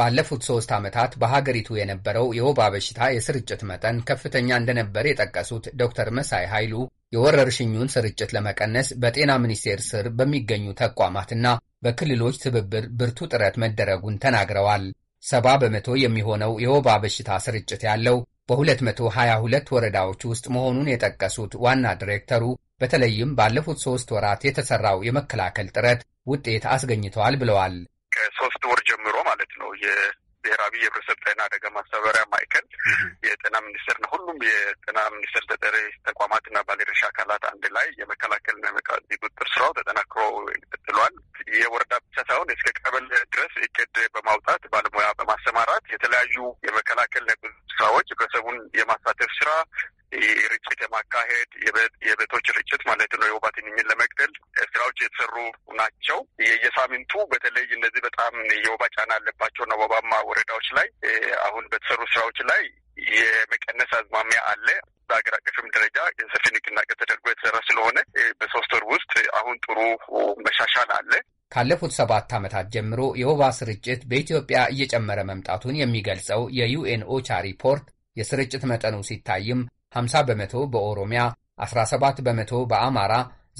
ባለፉት ሶስት ዓመታት በሀገሪቱ የነበረው የወባ በሽታ የስርጭት መጠን ከፍተኛ እንደነበር የጠቀሱት ዶክተር መሳይ ኃይሉ የወረርሽኙን ስርጭት ለመቀነስ በጤና ሚኒስቴር ስር በሚገኙ ተቋማትና በክልሎች ትብብር ብርቱ ጥረት መደረጉን ተናግረዋል። ሰባ በመቶ የሚሆነው የወባ በሽታ ስርጭት ያለው በ222 ወረዳዎች ውስጥ መሆኑን የጠቀሱት ዋና ዲሬክተሩ በተለይም ባለፉት ሶስት ወራት የተሠራው የመከላከል ጥረት ውጤት አስገኝተዋል ብለዋል። ከሶስት ወር ጀምሮ ነው የብሔራዊ የህብረተሰብ ጤና አደጋ ማስተባበሪያ ማዕከል የጤና ሚኒስቴር ነው። ሁሉም የጤና ሚኒስቴር ተጠሪ ተቋማትና ባለድርሻ አካላት አንድ ላይ የመከላከልና ቁጥጥር ስራው ተጠናክሮ ቀጥሏል። የወረዳ ብቻ ሳይሆን እስከ ቀበሌ ድረስ እቅድ በማውጣት ባለሙያ በማሰማራት የተለያዩ የመከላከልና ቁጥጥር ስራዎች ህብረተሰቡን የማሳተፍ ስራ ርጭት የማካሄድ የቤቶች ርጭት ማለት ነው፣ የወባ ትንኝን ለመግደል ስራዎች የተሰሩ ናቸው። የየሳምንቱ በተለይ እነዚህ በጣም የወባ ጫና አለባቸውና ወባማ ወረዳዎች ላይ አሁን በተሰሩ ስራዎች ላይ የመቀነስ አዝማሚያ አለ። በሀገር አቀፍም ደረጃ የሰፊ ንቅናቄ ተደርጎ የተሰራ ስለሆነ በሶስት ወር ውስጥ አሁን ጥሩ መሻሻል አለ። ካለፉት ሰባት ዓመታት ጀምሮ የወባ ስርጭት በኢትዮጵያ እየጨመረ መምጣቱን የሚገልጸው የዩኤን ኦቻ ሪፖርት የስርጭት መጠኑ ሲታይም 50 በመቶ በኦሮሚያ፣ 17 በመቶ በአማራ፣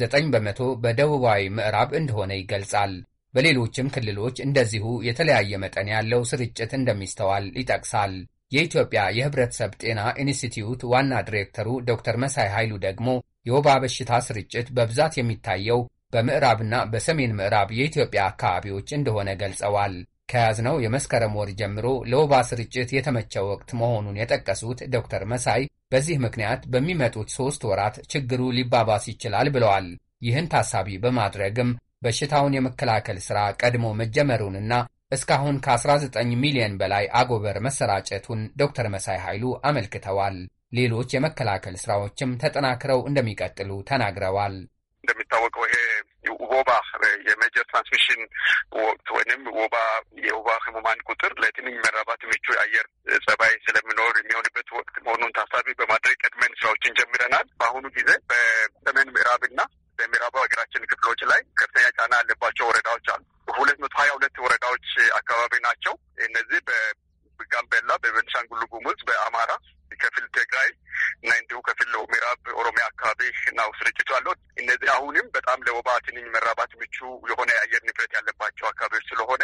9 በመቶ በደቡባዊ ምዕራብ እንደሆነ ይገልጻል። በሌሎችም ክልሎች እንደዚሁ የተለያየ መጠን ያለው ስርጭት እንደሚስተዋል ይጠቅሳል። የኢትዮጵያ የሕብረተሰብ ጤና ኢንስቲትዩት ዋና ዲሬክተሩ ዶክተር መሳይ ኃይሉ ደግሞ የወባ በሽታ ስርጭት በብዛት የሚታየው በምዕራብና በሰሜን ምዕራብ የኢትዮጵያ አካባቢዎች እንደሆነ ገልጸዋል። ከያዝነው የመስከረም ወር ጀምሮ ለወባ ስርጭት የተመቸ ወቅት መሆኑን የጠቀሱት ዶክተር መሳይ በዚህ ምክንያት በሚመጡት ሶስት ወራት ችግሩ ሊባባስ ይችላል ብለዋል። ይህን ታሳቢ በማድረግም በሽታውን የመከላከል ሥራ ቀድሞ መጀመሩንና እስካሁን ከ19 ሚሊዮን በላይ አጎበር መሰራጨቱን ዶክተር መሳይ ኃይሉ አመልክተዋል። ሌሎች የመከላከል ሥራዎችም ተጠናክረው እንደሚቀጥሉ ተናግረዋል። እንደሚታወቀው ይሄ ወባ የሜጀር ትራንስሚሽን ወቅት ወይም ወባ የወባ ህሙማን ቁጥር ለትንኝ መራባት ምቹ የአየር ጸባይ ስለሚኖር የሚሆንበት ወቅት መሆኑን ታሳቢ በማድረግ ቀድመን ስራዎችን ጀምረናል። በአሁኑ ጊዜ በሰሜን ምዕራብና በምዕራቡ ሀገራችን ክፍሎች ላይ ከፍተኛ ጫና ያለባቸው ወረዳዎች አሉ። ሁለት መቶ ሀያ ሁለት ወረዳዎች አካባቢ ናቸው። እነዚህ በጋምቤላ፣ በቤንሻንጉል ጉሙዝ፣ በአማራ ከፊል ትግራይ እና እንዲሁ ከፊል ምዕራብ ኦሮሚያ አካባቢ ነው ስርጭቱ ያለው። እነዚህ አሁንም በጣም ለወባ ትንኝ መራባት ምቹ የሆነ የአየር ንብረት ያለባቸው አካባቢዎች ስለሆነ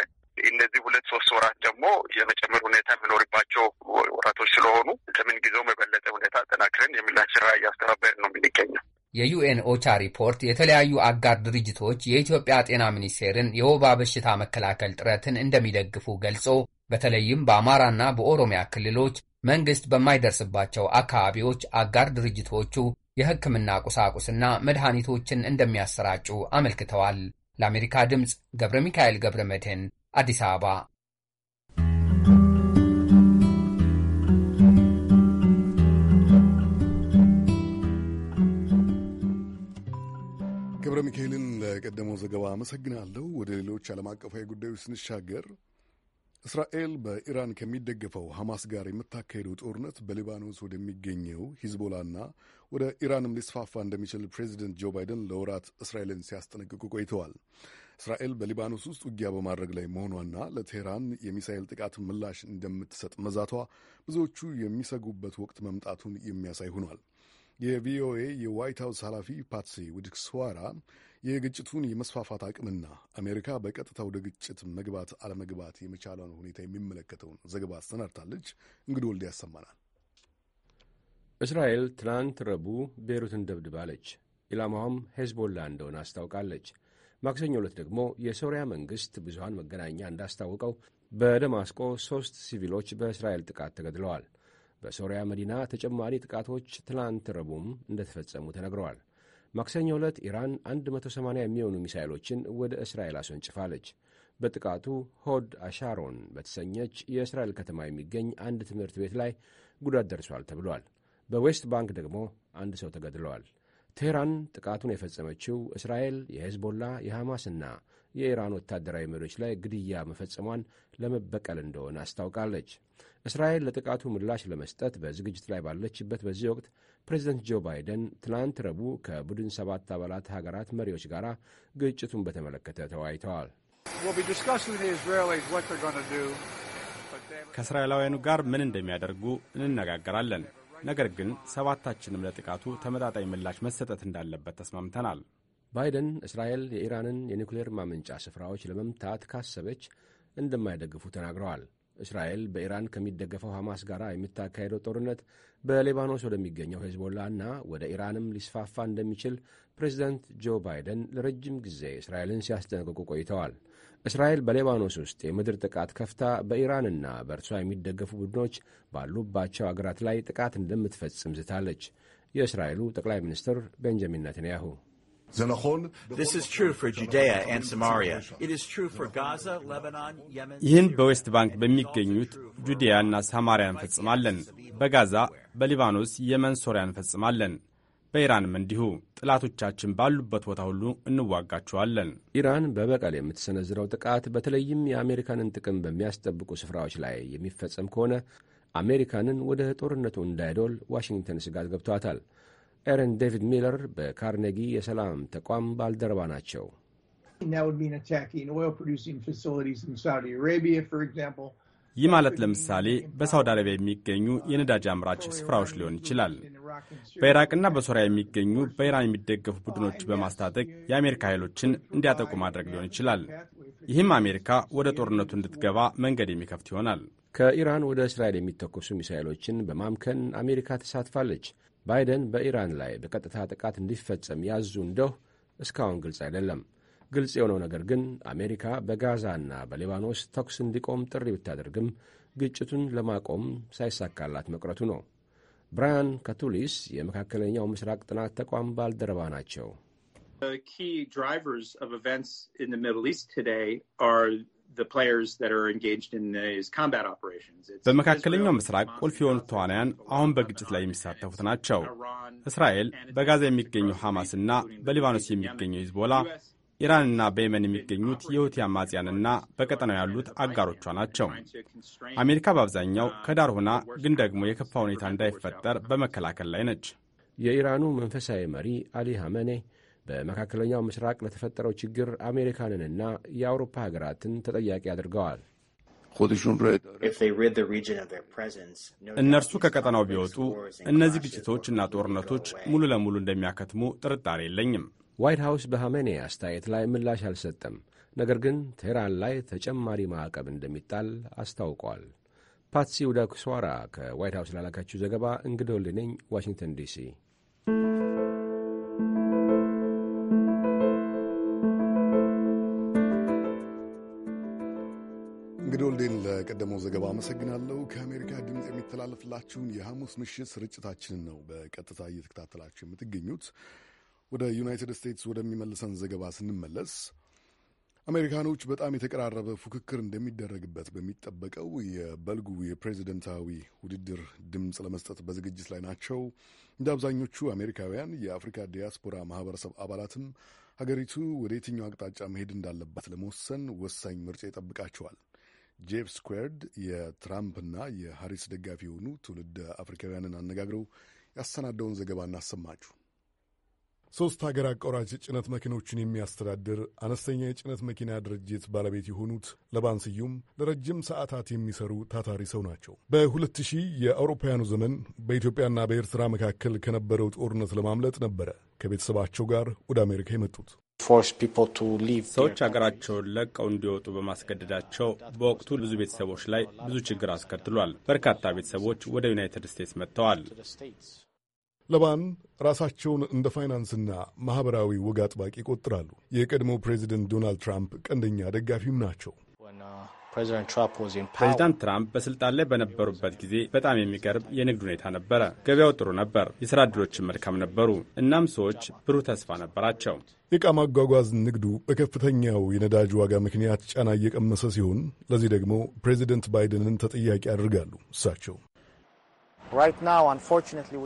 እነዚህ ሁለት ሶስት ወራት ደግሞ የመጨመር ሁኔታ የሚኖርባቸው ወራቶች ስለሆኑ ለምን ጊዜው የበለጠ ሁኔታ ጠናክረን የምላሽ ስራ እያስተባበርን ነው የምንገኘው። የዩኤን ኦቻ ሪፖርት የተለያዩ አጋር ድርጅቶች የኢትዮጵያ ጤና ሚኒስቴርን የወባ በሽታ መከላከል ጥረትን እንደሚደግፉ ገልጾ በተለይም በአማራና በኦሮሚያ ክልሎች መንግሥት በማይደርስባቸው አካባቢዎች አጋር ድርጅቶቹ የሕክምና ቁሳቁስና መድኃኒቶችን እንደሚያሰራጩ አመልክተዋል። ለአሜሪካ ድምፅ ገብረ ሚካኤል ገብረ መድህን አዲስ አበባ። ገብረ ሚካኤልን ለቀደመው ዘገባ አመሰግናለሁ። ወደ ሌሎች ዓለም አቀፋዊ ጉዳዮች ስንሻገር እስራኤል በኢራን ከሚደገፈው ሐማስ ጋር የምታካሄደው ጦርነት በሊባኖስ ወደሚገኘው ሂዝቦላና ወደ ኢራንም ሊስፋፋ እንደሚችል ፕሬዚደንት ጆ ባይደን ለወራት እስራኤልን ሲያስጠነቅቁ ቆይተዋል። እስራኤል በሊባኖስ ውስጥ ውጊያ በማድረግ ላይ መሆኗና ለቴህራን የሚሳኤል ጥቃት ምላሽ እንደምትሰጥ መዛቷ ብዙዎቹ የሚሰጉበት ወቅት መምጣቱን የሚያሳይ ሆኗል። የቪኦኤ የዋይት ሀውስ ኃላፊ ፓትሲ ውድክስዋራ የግጭቱን የመስፋፋት አቅምና አሜሪካ በቀጥታ ወደ ግጭት መግባት አለመግባት የመቻሏን ሁኔታ የሚመለከተውን ዘገባ አሰናድታለች። እንግዲህ ወልድ ያሰማናል። እስራኤል ትናንት ረቡዕ ቤሩትን ደብድባለች። ኢላማውም ሄዝቦላ እንደሆነ አስታውቃለች። ማክሰኞ ዕለት ደግሞ የሶሪያ መንግሥት ብዙሃን መገናኛ እንዳስታወቀው በደማስቆ ሦስት ሲቪሎች በእስራኤል ጥቃት ተገድለዋል። በሶሪያ መዲና ተጨማሪ ጥቃቶች ትናንት ረቡዕም እንደተፈጸሙ ተነግረዋል። ማክሰኞ ዕለት ኢራን 180 የሚሆኑ ሚሳይሎችን ወደ እስራኤል አስወንጭፋለች። በጥቃቱ ሆድ አሻሮን በተሰኘች የእስራኤል ከተማ የሚገኝ አንድ ትምህርት ቤት ላይ ጉዳት ደርሷል ተብሏል። በዌስት ባንክ ደግሞ አንድ ሰው ተገድለዋል። ቴህራን ጥቃቱን የፈጸመችው እስራኤል የሄዝቦላ የሐማስና የኢራን ወታደራዊ መሪዎች ላይ ግድያ መፈጸሟን ለመበቀል እንደሆነ አስታውቃለች። እስራኤል ለጥቃቱ ምላሽ ለመስጠት በዝግጅት ላይ ባለችበት በዚህ ወቅት ፕሬዚደንት ጆ ባይደን ትናንት ረቡዕ ከቡድን ሰባት አባላት ሀገራት መሪዎች ጋር ግጭቱን በተመለከተ ተወያይተዋል። ከእስራኤላውያኑ ጋር ምን እንደሚያደርጉ እንነጋገራለን። ነገር ግን ሰባታችንም ለጥቃቱ ተመጣጣኝ ምላሽ መሰጠት እንዳለበት ተስማምተናል። ባይደን እስራኤል የኢራንን የኒውክሌር ማመንጫ ስፍራዎች ለመምታት ካሰበች እንደማይደግፉ ተናግረዋል። እስራኤል በኢራን ከሚደገፈው ሐማስ ጋር የምታካሄደው ጦርነት በሌባኖስ ወደሚገኘው ሄዝቦላ እና ወደ ኢራንም ሊስፋፋ እንደሚችል ፕሬዚደንት ጆ ባይደን ለረጅም ጊዜ እስራኤልን ሲያስጠነቅቁ ቆይተዋል። እስራኤል በሌባኖስ ውስጥ የምድር ጥቃት ከፍታ በኢራንና በእርሷ የሚደገፉ ቡድኖች ባሉባቸው አገራት ላይ ጥቃት እንደምትፈጽም ዝታለች። የእስራኤሉ ጠቅላይ ሚኒስትር ቤንጃሚን ነትንያሁ ይህን በዌስት ባንክ በሚገኙት ጁዲያ ሳማሪያ እንፈጽማለን። በጋዛ፣ በሊባኖስ፣ የመን፣ ሶሪያ እንፈጽማለን። በኢራንም እንዲሁ ጥላቶቻችን ባሉበት ቦታ ሁሉ እንዋጋቸዋለን። ኢራን በበቀል የምትሰነዝረው ጥቃት በተለይም የአሜሪካንን ጥቅም በሚያስጠብቁ ስፍራዎች ላይ የሚፈጸም ከሆነ አሜሪካንን ወደ ጦርነቱ እንዳይዶል ዋሽንግተን ስጋት ገብቷታል። ኤረን ዴቪድ ሚለር በካርኔጊ የሰላም ተቋም ባልደረባ ናቸው። ይህ ማለት ለምሳሌ በሳውዲ አረቢያ የሚገኙ የነዳጅ አምራች ስፍራዎች ሊሆን ይችላል። በኢራቅና በሶሪያ የሚገኙ በኢራን የሚደገፉ ቡድኖች በማስታጠቅ የአሜሪካ ኃይሎችን እንዲያጠቁ ማድረግ ሊሆን ይችላል። ይህም አሜሪካ ወደ ጦርነቱ እንድትገባ መንገድ የሚከፍት ይሆናል። ከኢራን ወደ እስራኤል የሚተኮሱ ሚሳይሎችን በማምከን አሜሪካ ተሳትፋለች። ባይደን በኢራን ላይ በቀጥታ ጥቃት እንዲፈጸም ያዙ እንደሁ እስካሁን ግልጽ አይደለም። ግልጽ የሆነው ነገር ግን አሜሪካ በጋዛና በሊባኖስ ተኩስ እንዲቆም ጥሪ ብታደርግም ግጭቱን ለማቆም ሳይሳካላት መቅረቱ ነው። ብራያን ከቱሊስ የመካከለኛው ምስራቅ ጥናት ተቋም ባልደረባ ናቸው። በመካከለኛው ምስራቅ ቁልፍ የሆኑ ተዋናያን አሁን በግጭት ላይ የሚሳተፉት ናቸው። እስራኤል፣ በጋዛ የሚገኘው ሐማስና በሊባኖስ የሚገኘው ሂዝቦላ፣ ኢራንና በየመን የሚገኙት የሁቲ አማጽያንና በቀጠናው ያሉት አጋሮቿ ናቸው። አሜሪካ በአብዛኛው ከዳር ሆና ግን ደግሞ የከፋ ሁኔታ እንዳይፈጠር በመከላከል ላይ ነች። የኢራኑ መንፈሳዊ መሪ አሊ ሐመኔ በመካከለኛው ምስራቅ ለተፈጠረው ችግር አሜሪካንንና የአውሮፓ ሀገራትን ተጠያቂ አድርገዋል። እነርሱ ከቀጠናው ቢወጡ እነዚህ ግጭቶች እና ጦርነቶች ሙሉ ለሙሉ እንደሚያከትሙ ጥርጣሬ የለኝም። ዋይት ሀውስ በሐሜኔ አስተያየት ላይ ምላሽ አልሰጠም። ነገር ግን ቴህራን ላይ ተጨማሪ ማዕቀብ እንደሚጣል አስታውቋል። ፓትሲ ውዳኩስዋራ ከዋይት ሀውስ ላላካችሁ ዘገባ እንግዶልነኝ ዋሽንግተን ዲሲ ዘገባ አመሰግናለሁ። ከአሜሪካ ድምፅ የሚተላለፍላችሁን የሐሙስ ምሽት ስርጭታችንን ነው በቀጥታ እየተከታተላችሁ የምትገኙት። ወደ ዩናይትድ ስቴትስ ወደሚመልሰን ዘገባ ስንመለስ አሜሪካኖች በጣም የተቀራረበ ፉክክር እንደሚደረግበት በሚጠበቀው የበልጉ የፕሬዚደንታዊ ውድድር ድምፅ ለመስጠት በዝግጅት ላይ ናቸው። እንደ አብዛኞቹ አሜሪካውያን የአፍሪካ ዲያስፖራ ማህበረሰብ አባላትም ሀገሪቱ ወደ የትኛው አቅጣጫ መሄድ እንዳለባት ለመወሰን ወሳኝ ምርጫ ይጠብቃቸዋል። ጄፍ ስኩዌርድ የትራምፕና የሀሪስ ደጋፊ የሆኑ ትውልድ አፍሪካውያንን አነጋግረው ያሰናደውን ዘገባ እናሰማችሁ። ሶስት ሀገር አቋራጭ ጭነት መኪኖችን የሚያስተዳድር አነስተኛ የጭነት መኪና ድርጅት ባለቤት የሆኑት ለባን ስዩም ለረጅም ሰዓታት የሚሰሩ ታታሪ ሰው ናቸው። በ ሺህ የአውሮፓውያኑ ዘመን በኢትዮጵያና በኤርትራ መካከል ከነበረው ጦርነት ለማምለጥ ነበረ ከቤተሰባቸው ጋር ወደ አሜሪካ የመጡት። ሰዎች ሀገራቸውን ለቀው እንዲወጡ በማስገደዳቸው በወቅቱ ብዙ ቤተሰቦች ላይ ብዙ ችግር አስከትሏል። በርካታ ቤተሰቦች ወደ ዩናይትድ ስቴትስ መጥተዋል። ለባን ራሳቸውን እንደ ፋይናንስና ማኅበራዊ ወግ አጥባቂ ይቆጥራሉ። የቀድሞው ፕሬዚደንት ዶናልድ ትራምፕ ቀንደኛ ደጋፊም ናቸው። ፕሬዚዳንት ትራምፕ በስልጣን ላይ በነበሩበት ጊዜ በጣም የሚቀርብ የንግድ ሁኔታ ነበረ። ገበያው ጥሩ ነበር፣ የሥራ ዕድሎችን መልካም ነበሩ። እናም ሰዎች ብሩህ ተስፋ ነበራቸው። የዕቃ ማጓጓዝ ንግዱ በከፍተኛው የነዳጅ ዋጋ ምክንያት ጫና እየቀመሰ ሲሆን፣ ለዚህ ደግሞ ፕሬዚደንት ባይደንን ተጠያቂ ያደርጋሉ እሳቸው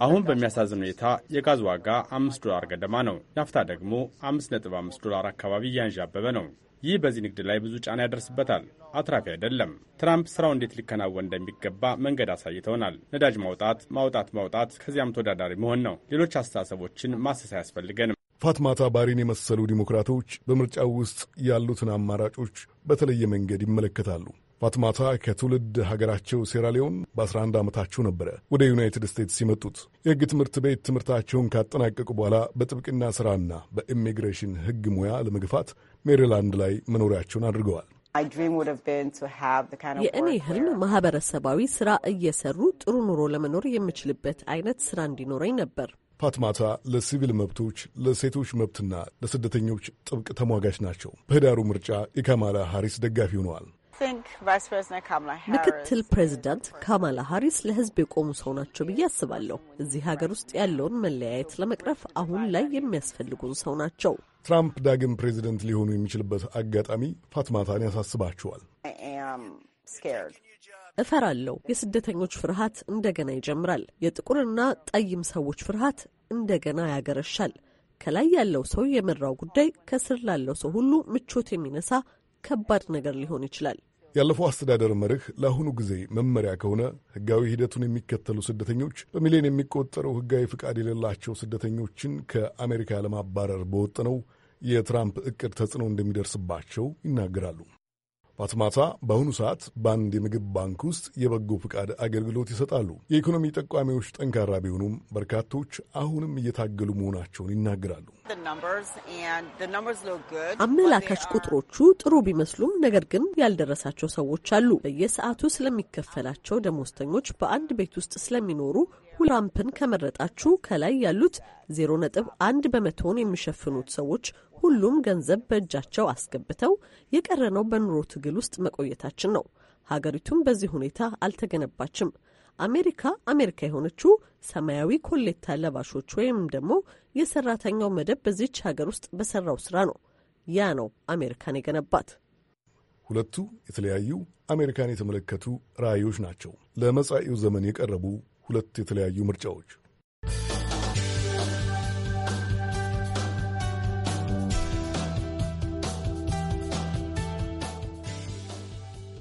አሁን በሚያሳዝን ሁኔታ የጋዝ ዋጋ አምስት ዶላር ገደማ ነው። ናፍታ ደግሞ አምስት ነጥብ አምስት ዶላር አካባቢ እያንዣበበ ነው። ይህ በዚህ ንግድ ላይ ብዙ ጫና ያደርስበታል። አትራፊ አይደለም። ትራምፕ ስራው እንዴት ሊከናወን እንደሚገባ መንገድ አሳይተውናል። ነዳጅ ማውጣት፣ ማውጣት፣ ማውጣት ከዚያም ተወዳዳሪ መሆን ነው። ሌሎች አስተሳሰቦችን ማሰስ አያስፈልገንም። ፋትማታ ባሪን የመሰሉ ዲሞክራቶች በምርጫው ውስጥ ያሉትን አማራጮች በተለየ መንገድ ይመለከታሉ። ፋትማታ ከትውልድ ሀገራቸው ሴራሊዮን በ11 ዓመታቸው ነበረ ወደ ዩናይትድ ስቴትስ የመጡት። የሕግ ትምህርት ቤት ትምህርታቸውን ካጠናቀቁ በኋላ በጥብቅና ሥራና በኢሚግሬሽን ሕግ ሙያ ለመግፋት ሜሪላንድ ላይ መኖሪያቸውን አድርገዋል። የእኔ ህልም ማህበረሰባዊ ስራ እየሰሩ ጥሩ ኑሮ ለመኖር የምችልበት አይነት ስራ እንዲኖረኝ ነበር። ፋትማታ ለሲቪል መብቶች፣ ለሴቶች መብትና ለስደተኞች ጥብቅ ተሟጋች ናቸው። በህዳሩ ምርጫ የካማላ ሃሪስ ደጋፊ ሆነዋል። ምክትል ፕሬዚዳንት ካማላ ሀሪስ ለህዝብ የቆሙ ሰው ናቸው ብዬ አስባለሁ። እዚህ ሀገር ውስጥ ያለውን መለያየት ለመቅረፍ አሁን ላይ የሚያስፈልጉን ሰው ናቸው። ትራምፕ ዳግም ፕሬዚደንት ሊሆኑ የሚችልበት አጋጣሚ ፋትማታን ያሳስባቸዋል። እፈራለሁ። የስደተኞች ፍርሃት እንደገና ይጀምራል። የጥቁርና ጠይም ሰዎች ፍርሃት እንደገና ያገረሻል። ከላይ ያለው ሰው የመራው ጉዳይ ከስር ላለው ሰው ሁሉ ምቾት የሚነሳ ከባድ ነገር ሊሆን ይችላል። ያለፈው አስተዳደር መርህ ለአሁኑ ጊዜ መመሪያ ከሆነ ህጋዊ ሂደቱን የሚከተሉ ስደተኞች በሚሊዮን የሚቆጠሩ ህጋዊ ፍቃድ የሌላቸው ስደተኞችን ከአሜሪካ ለማባረር በወጥነው የትራምፕ እቅድ ተጽዕኖ እንደሚደርስባቸው ይናገራሉ። ማትማታ በአሁኑ ሰዓት በአንድ የምግብ ባንክ ውስጥ የበጎ ፍቃድ አገልግሎት ይሰጣሉ። የኢኮኖሚ ጠቋሚዎች ጠንካራ ቢሆኑም በርካቶች አሁንም እየታገሉ መሆናቸውን ይናገራሉ። አመላካች ቁጥሮቹ ጥሩ ቢመስሉም ነገር ግን ያልደረሳቸው ሰዎች አሉ። በየሰዓቱ ስለሚከፈላቸው ደሞዝተኞች በአንድ ቤት ውስጥ ስለሚኖሩ ሁራምፕን ከመረጣችሁ ከላይ ያሉት ዜሮ ነጥብ አንድ በመቶውን የሚሸፍኑት ሰዎች ሁሉም ገንዘብ በእጃቸው አስገብተው የቀረነው በኑሮ ትግል ውስጥ መቆየታችን ነው። ሀገሪቱም በዚህ ሁኔታ አልተገነባችም። አሜሪካ አሜሪካ የሆነችው ሰማያዊ ኮሌታ ለባሾች ወይም ደግሞ የሰራተኛው መደብ በዚች ሀገር ውስጥ በሰራው ስራ ነው። ያ ነው አሜሪካን የገነባት። ሁለቱ የተለያዩ አሜሪካን የተመለከቱ ራዕዮች ናቸው። ለመጻኢው ዘመን የቀረቡ ሁለት የተለያዩ ምርጫዎች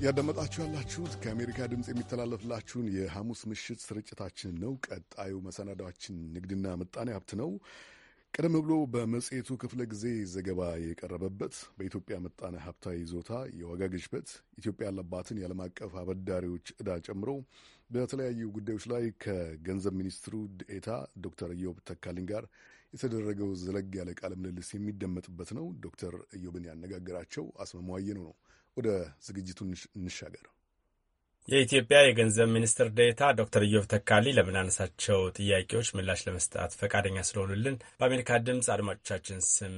ያዳመጣችሁ ያላችሁት ከአሜሪካ ድምፅ የሚተላለፍላችሁን የሐሙስ ምሽት ስርጭታችን ነው። ቀጣዩ መሰናዳችን ንግድና ምጣኔ ሀብት ነው። ቀደም ብሎ በመጽሔቱ ክፍለ ጊዜ ዘገባ የቀረበበት በኢትዮጵያ ምጣኔ ሀብታዊ ይዞታ የዋጋ ግሽበት ኢትዮጵያ ያለባትን የዓለም አቀፍ አበዳሪዎች ዕዳ ጨምሮ በተለያዩ ጉዳዮች ላይ ከገንዘብ ሚኒስትሩ ዴኤታ ዶክተር ኢዮብ ተካልኝ ጋር የተደረገው ዘለግ ያለ ቃለ ምልልስ የሚደመጥበት ነው። ዶክተር ኢዮብን ያነጋግራቸው አስመማዋየኑ ነው። ወደ ዝግጅቱ እንሻገር። የኢትዮጵያ የገንዘብ ሚኒስትር ዴታ ዶክተር ኢዮብ ተካሊ ለምናነሳቸው ጥያቄዎች ምላሽ ለመስጠት ፈቃደኛ ስለሆኑልን በአሜሪካ ድምፅ አድማጮቻችን ስም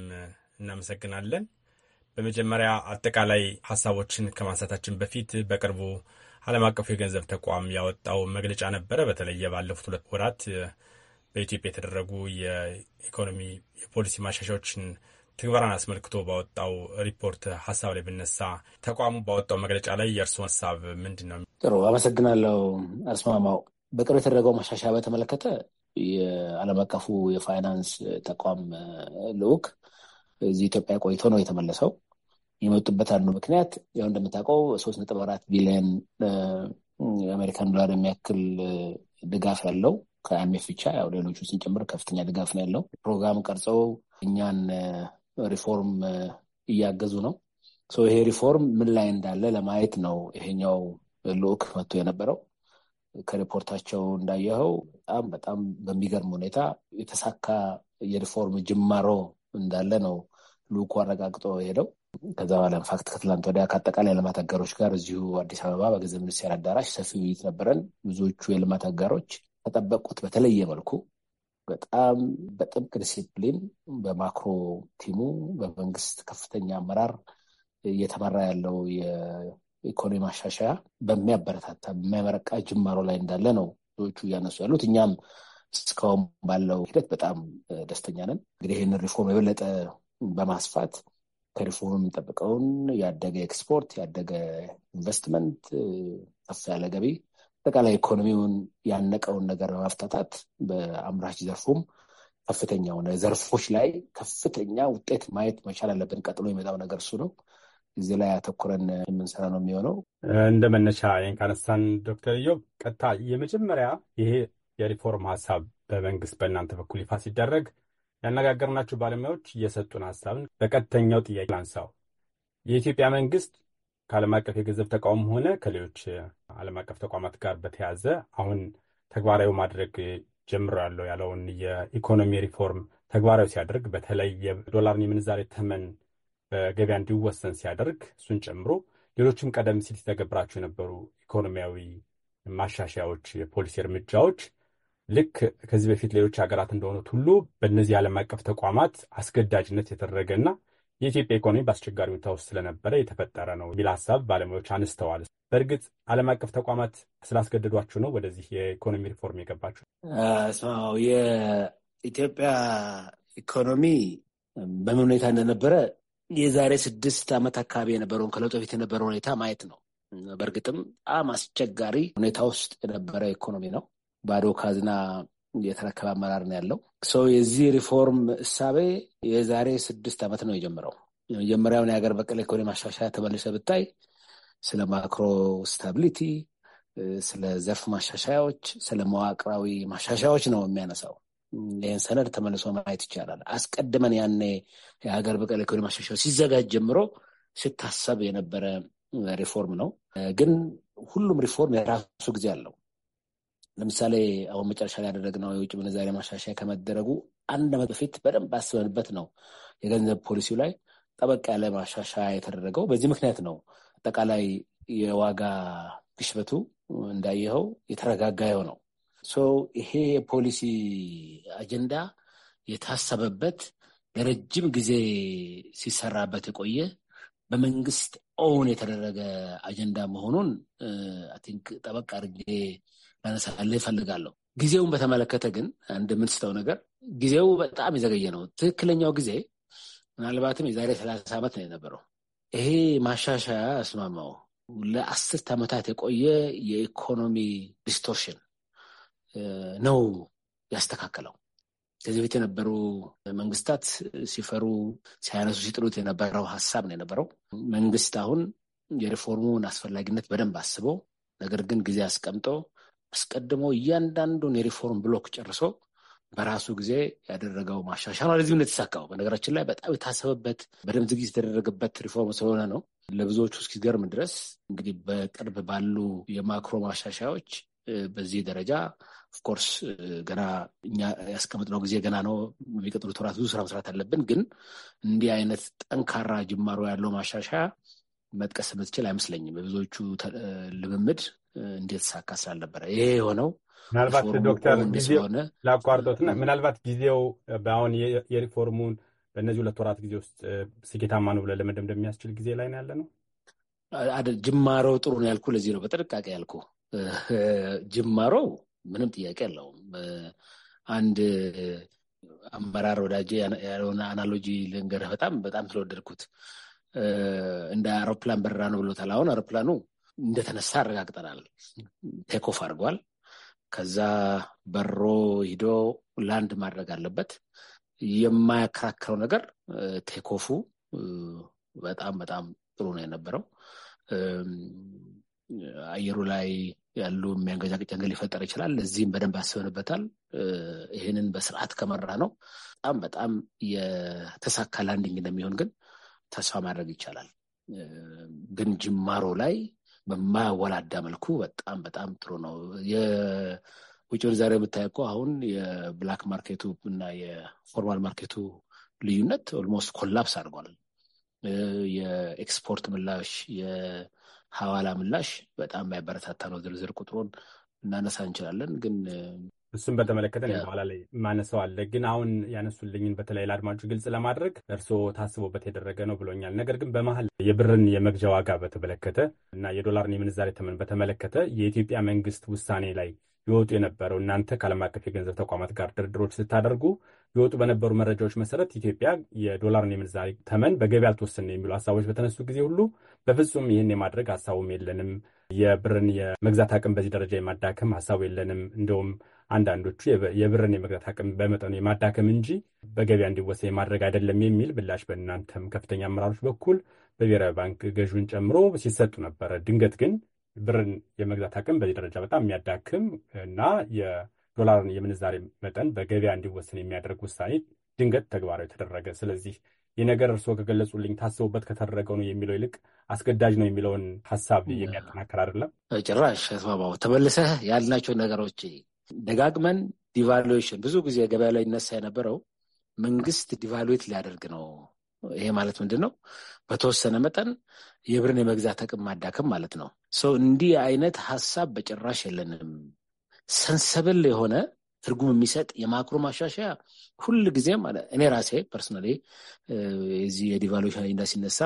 እናመሰግናለን። በመጀመሪያ አጠቃላይ ሀሳቦችን ከማንሳታችን በፊት በቅርቡ ዓለም አቀፉ የገንዘብ ተቋም ያወጣው መግለጫ ነበረ። በተለየ ባለፉት ሁለት ወራት በኢትዮጵያ የተደረጉ የኢኮኖሚ የፖሊሲ ማሻሻዎችን ትግበራን አስመልክቶ ባወጣው ሪፖርት ሀሳብ ላይ ብነሳ ተቋሙ ባወጣው መግለጫ ላይ የእርስዎ ሀሳብ ምንድን ነው? ጥሩ አመሰግናለሁ አስማማው። በቅርብ የተደረገው ማሻሻያ በተመለከተ የዓለም አቀፉ የፋይናንስ ተቋም ልዑክ እዚህ ኢትዮጵያ ቆይቶ ነው የተመለሰው። የመጡበት አንዱ ምክንያት ያው እንደምታውቀው ሶስት ነጥብ አራት ቢሊዮን የአሜሪካን ዶላር የሚያክል ድጋፍ ያለው ከአይኤምኤፍ ብቻ ያው ሌሎቹ ስንጨምር ከፍተኛ ድጋፍ ነው ያለው ፕሮግራም ቀርጸው እኛን ሪፎርም እያገዙ ነው። ይሄ ሪፎርም ምን ላይ እንዳለ ለማየት ነው ይሄኛው ልዑክ መጥቶ የነበረው። ከሪፖርታቸው እንዳየኸው በጣም በጣም በሚገርም ሁኔታ የተሳካ የሪፎርም ጅማሮ እንዳለ ነው ልዑኩ አረጋግጦ ሄደው። ከዛ በኋላ ኢንፋክት ከትላንት ወዲያ ከአጠቃላይ የልማት አጋሮች ጋር እዚሁ አዲስ አበባ በገንዘብ ሚኒስቴር አዳራሽ ሰፊ ውይይት ነበረን። ብዙዎቹ የልማት አጋሮች ከጠበቁት በተለየ መልኩ በጣም በጥብቅ ዲሲፕሊን በማክሮ ቲሙ በመንግስት ከፍተኛ አመራር እየተመራ ያለው የኢኮኖሚ ማሻሻያ በሚያበረታታ በሚያመረቃ ጅማሮ ላይ እንዳለ ነው ብዙዎቹ እያነሱ ያሉት። እኛም እስካሁን ባለው ሂደት በጣም ደስተኛ ነን። እንግዲህ ይህንን ሪፎርም የበለጠ በማስፋት ከሪፎርም የምንጠብቀውን ያደገ ኤክስፖርት፣ ያደገ ኢንቨስትመንት፣ ከፍ ያለ ገቢ አጠቃላይ ኢኮኖሚውን ያነቀውን ነገር በማፍታታት በአምራች ዘርፉም ከፍተኛ የሆነ ዘርፎች ላይ ከፍተኛ ውጤት ማየት መቻል አለብን። ቀጥሎ የሚመጣው ነገር እሱ ነው። እዚህ ላይ አተኩረን የምንሰራ ነው የሚሆነው። እንደ መነሻ ይህን ካነሳን ዶክተር ኢዮብ ቀጥታ የመጀመሪያ ይሄ የሪፎርም ሀሳብ በመንግስት በእናንተ በኩል ይፋ ሲደረግ ያነጋገርናቸው ባለሙያዎች የሰጡን ሀሳብን በቀጥተኛው ጥያቄ ላንሳው። የኢትዮጵያ መንግስት ከዓለም አቀፍ የገንዘብ ተቋም ሆነ ከሌሎች ዓለም አቀፍ ተቋማት ጋር በተያያዘ አሁን ተግባራዊ ማድረግ ጀምራለሁ ያለውን የኢኮኖሚ ሪፎርም ተግባራዊ ሲያደርግ በተለይ የዶላርን የምንዛሬ ተመን በገበያ እንዲወሰን ሲያደርግ እሱን ጨምሮ ሌሎችም ቀደም ሲል ሲተገብራቸው የነበሩ ኢኮኖሚያዊ ማሻሻያዎች፣ የፖሊሲ እርምጃዎች ልክ ከዚህ በፊት ሌሎች ሀገራት እንደሆኑት ሁሉ በእነዚህ የዓለም አቀፍ ተቋማት አስገዳጅነት የተደረገ ና። የኢትዮጵያ ኢኮኖሚ በአስቸጋሪ ሁኔታ ውስጥ ስለነበረ የተፈጠረ ነው የሚል ሀሳብ ባለሙያዎች አንስተዋል። በእርግጥ ዓለም አቀፍ ተቋማት ስላስገደዷችሁ ነው ወደዚህ የኢኮኖሚ ሪፎርም የገባችሁ? ስማው የኢትዮጵያ ኢኮኖሚ በምን ሁኔታ እንደነበረ የዛሬ ስድስት ዓመት አካባቢ የነበረውን ከለውጥ በፊት የነበረው ሁኔታ ማየት ነው። በእርግጥም በጣም አስቸጋሪ ሁኔታ ውስጥ የነበረ ኢኮኖሚ ነው። ባዶ ካዝና የተረከበ አመራር ነው ያለው። ሰው የዚህ ሪፎርም እሳቤ የዛሬ ስድስት ዓመት ነው የጀመረው። የመጀመሪያውን የሀገር በቀል ኢኮኖሚ ማሻሻያ ተመልሰ ብታይ ስለ ማክሮ ስታቢሊቲ፣ ስለ ዘርፍ ማሻሻያዎች፣ ስለ መዋቅራዊ ማሻሻያዎች ነው የሚያነሳው። ይህን ሰነድ ተመልሶ ማየት ይቻላል። አስቀድመን ያኔ የሀገር በቀል ኢኮኖሚ ማሻሻያ ሲዘጋጅ ጀምሮ ሲታሰብ የነበረ ሪፎርም ነው። ግን ሁሉም ሪፎርም የራሱ ጊዜ አለው። ለምሳሌ አሁን መጨረሻ ላይ ያደረግነው የውጭ ምንዛሬ ማሻሻያ ከመደረጉ አንድ ዓመት በፊት በደንብ አስበንበት ነው የገንዘብ ፖሊሲው ላይ ጠበቅ ያለ ማሻሻያ የተደረገው። በዚህ ምክንያት ነው አጠቃላይ የዋጋ ግሽበቱ እንዳየኸው የተረጋጋ የሆነው። ይሄ የፖሊሲ አጀንዳ የታሰበበት ለረጅም ጊዜ ሲሰራበት የቆየ በመንግስት ኦውን የተደረገ አጀንዳ መሆኑን ቲንክ ጠበቅ አድርጌ ለነሳለ ይፈልጋለሁ። ጊዜውን በተመለከተ ግን እንደምንስተው ነገር ጊዜው በጣም የዘገየ ነው። ትክክለኛው ጊዜ ምናልባትም የዛሬ ሰላሳ ዓመት ነው የነበረው። ይሄ ማሻሻያ አስማማው ለአስርት ዓመታት የቆየ የኢኮኖሚ ዲስቶርሽን ነው ያስተካከለው። ከዚህ በፊት የነበሩ መንግስታት ሲፈሩ ሲያነሱ ሲጥሉት የነበረው ሀሳብ ነው የነበረው። መንግስት አሁን የሪፎርሙን አስፈላጊነት በደንብ አስቦ ነገር ግን ጊዜ አስቀምጦ አስቀድሞ እያንዳንዱን የሪፎርም ብሎክ ጨርሶ በራሱ ጊዜ ያደረገው ማሻሻል ለዚህም ነው የተሳካው። በነገራችን ላይ በጣም የታሰበበት በደንብ ዝግጅት የተደረገበት ሪፎርም ስለሆነ ነው ለብዙዎቹ እስኪገርም ድረስ እንግዲህ በቅርብ ባሉ የማክሮ ማሻሻያዎች በዚህ ደረጃ ኦፍኮርስ uh, ገና እኛ ያስቀምጥነው ጊዜ ገና ነው። የሚቀጥሉት ወራት ብዙ ስራ መስራት አለብን። ግን እንዲህ አይነት ጠንካራ ጅማሮ ያለው ማሻሻያ መጥቀስ የምትችል አይመስለኝም። በብዙዎቹ ልምምድ እንደተሳካ ስላልነበረ ይሄ የሆነው ምናልባት ዶክተር ሆነ ላቋርጦትና ምናልባት ጊዜው በአሁን የሪፎርሙን በእነዚህ ሁለት ወራት ጊዜ ውስጥ ስኬታማ ነው ብለን ለመደምደም የሚያስችል ጊዜ ላይ ነው ያለ ነው። ጅማሮ ጥሩ ነው ያልኩ ለዚህ ነው በጥንቃቄ ያልኩ ጅማሮው ምንም ጥያቄ የለውም። አንድ አመራር ወዳጄ ያለሆነ አናሎጂ ልንገርህ፣ በጣም በጣም ስለወደድኩት እንደ አውሮፕላን በረራ ነው ብሎታል። አሁን አውሮፕላኑ እንደተነሳ አረጋግጠናል። ቴኮፍ አድርጓል። ከዛ በሮ ሂዶ ላንድ ማድረግ አለበት። የማያከራከረው ነገር ቴኮፉ በጣም በጣም ጥሩ ነው የነበረው። አየሩ ላይ ያሉ የሚያንገጫግጭ ነገር ሊፈጠር ይችላል። እዚህም በደንብ ያስበንበታል። ይህንን በስርዓት ከመራ ነው በጣም በጣም የተሳካ ላንዲንግ እንደሚሆን ግን ተስፋ ማድረግ ይቻላል። ግን ጅማሮ ላይ በማያወላዳ መልኩ በጣም በጣም ጥሩ ነው። የውጭ ምንዛሬ ብታይ እኮ አሁን የብላክ ማርኬቱ እና የፎርማል ማርኬቱ ልዩነት ኦልሞስት ኮላፕስ አድርጓል። የኤክስፖርት ምላሽ ሀዋላ ምላሽ በጣም የሚያበረታታ ነው። ዝርዝር ቁጥሩን እናነሳ እንችላለን ግን እሱን በተመለከተ በኋላ ላይ ማነሰው አለ። ግን አሁን ያነሱልኝን በተለይ ለአድማጩ ግልጽ ለማድረግ እርስዎ ታስቦበት የደረገ ነው ብሎኛል። ነገር ግን በመሀል የብርን የመግዣ ዋጋ በተመለከተ እና የዶላርን የምንዛሬ ተመን በተመለከተ የኢትዮጵያ መንግስት ውሳኔ ላይ ይወጡ የነበረው እናንተ ከዓለም አቀፍ የገንዘብ ተቋማት ጋር ድርድሮች ስታደርጉ ይወጡ በነበሩ መረጃዎች መሰረት ኢትዮጵያ የዶላርን የምንዛሪ ተመን በገቢ አልተወሰነ የሚሉ ሀሳቦች በተነሱ ጊዜ ሁሉ በፍጹም ይህን የማድረግ ሀሳቡም የለንም፣ የብርን የመግዛት አቅም በዚህ ደረጃ የማዳከም ሀሳቡ የለንም፣ እንደውም አንዳንዶቹ የብርን የመግዛት አቅም በመጠኑ የማዳከም እንጂ በገቢያ እንዲወሰን የማድረግ አይደለም የሚል ምላሽ በእናንተም ከፍተኛ አመራሮች በኩል በብሔራዊ ባንክ ገዥውን ጨምሮ ሲሰጡ ነበረ። ድንገት ግን ብርን የመግዛት አቅም በዚህ ደረጃ በጣም የሚያዳክም እና የዶላርን የምንዛሬ መጠን በገበያ እንዲወሰን የሚያደርግ ውሳኔ ድንገት ተግባራዊ ተደረገ። ስለዚህ ይህ ነገር እርስዎ ከገለጹልኝ ታስቡበት ከተደረገው ነው የሚለው ይልቅ አስገዳጅ ነው የሚለውን ሀሳብ የሚያጠናከር አይደለም። ጭራሽ አስማማው ተመልሰህ ያልናቸው ነገሮች ደጋግመን ዲቫሉዌሽን ብዙ ጊዜ ገበያ ላይ ይነሳ የነበረው መንግስት ዲቫሉዌት ሊያደርግ ነው ይሄ ማለት ምንድን ነው? በተወሰነ መጠን የብርን የመግዛት አቅም ማዳከም ማለት ነው። ሰው እንዲህ አይነት ሀሳብ በጭራሽ የለንም። ሰንሰብል የሆነ ትርጉም የሚሰጥ የማክሮ ማሻሻያ ሁል ጊዜም እኔ ራሴ ፐርሶናሊ የዚህ የዲቫሉሽን አጀንዳ ሲነሳ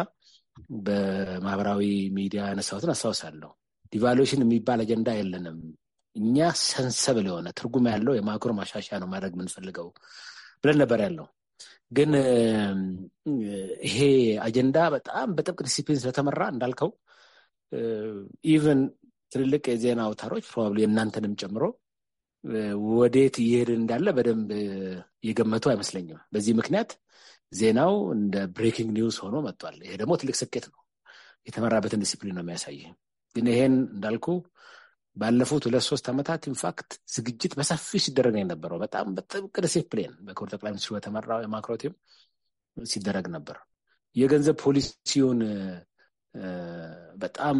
በማህበራዊ ሚዲያ ያነሳሁትን አስታውሳለሁ። ዲቫሉሽን የሚባል አጀንዳ የለንም እኛ ሰንሰብል የሆነ ትርጉም ያለው የማክሮ ማሻሻያ ነው ማድረግ የምንፈልገው ብለን ነበር ያለው። ግን ይሄ አጀንዳ በጣም በጥብቅ ዲሲፕሊን ስለተመራ እንዳልከው ኢቨን ትልልቅ የዜና አውታሮች ፕሮባብሊ የእናንተንም ጨምሮ ወዴት እየሄድ እንዳለ በደንብ የገመቱ አይመስለኝም። በዚህ ምክንያት ዜናው እንደ ብሬኪንግ ኒውስ ሆኖ መጥቷል። ይሄ ደግሞ ትልቅ ስኬት ነው። የተመራበትን ዲሲፕሊን ነው የሚያሳይ። ግን ይሄን እንዳልኩ ባለፉት ሁለት ሶስት ዓመታት ኢንፋክት ዝግጅት በሰፊ ሲደረግ ነው የነበረው። በጣም በጥብቅ ዲሲፕሊን በክቡር ጠቅላይ ሚኒስትሩ በተመራው የማክሮ ቲም ሲደረግ ነበር። የገንዘብ ፖሊሲውን በጣም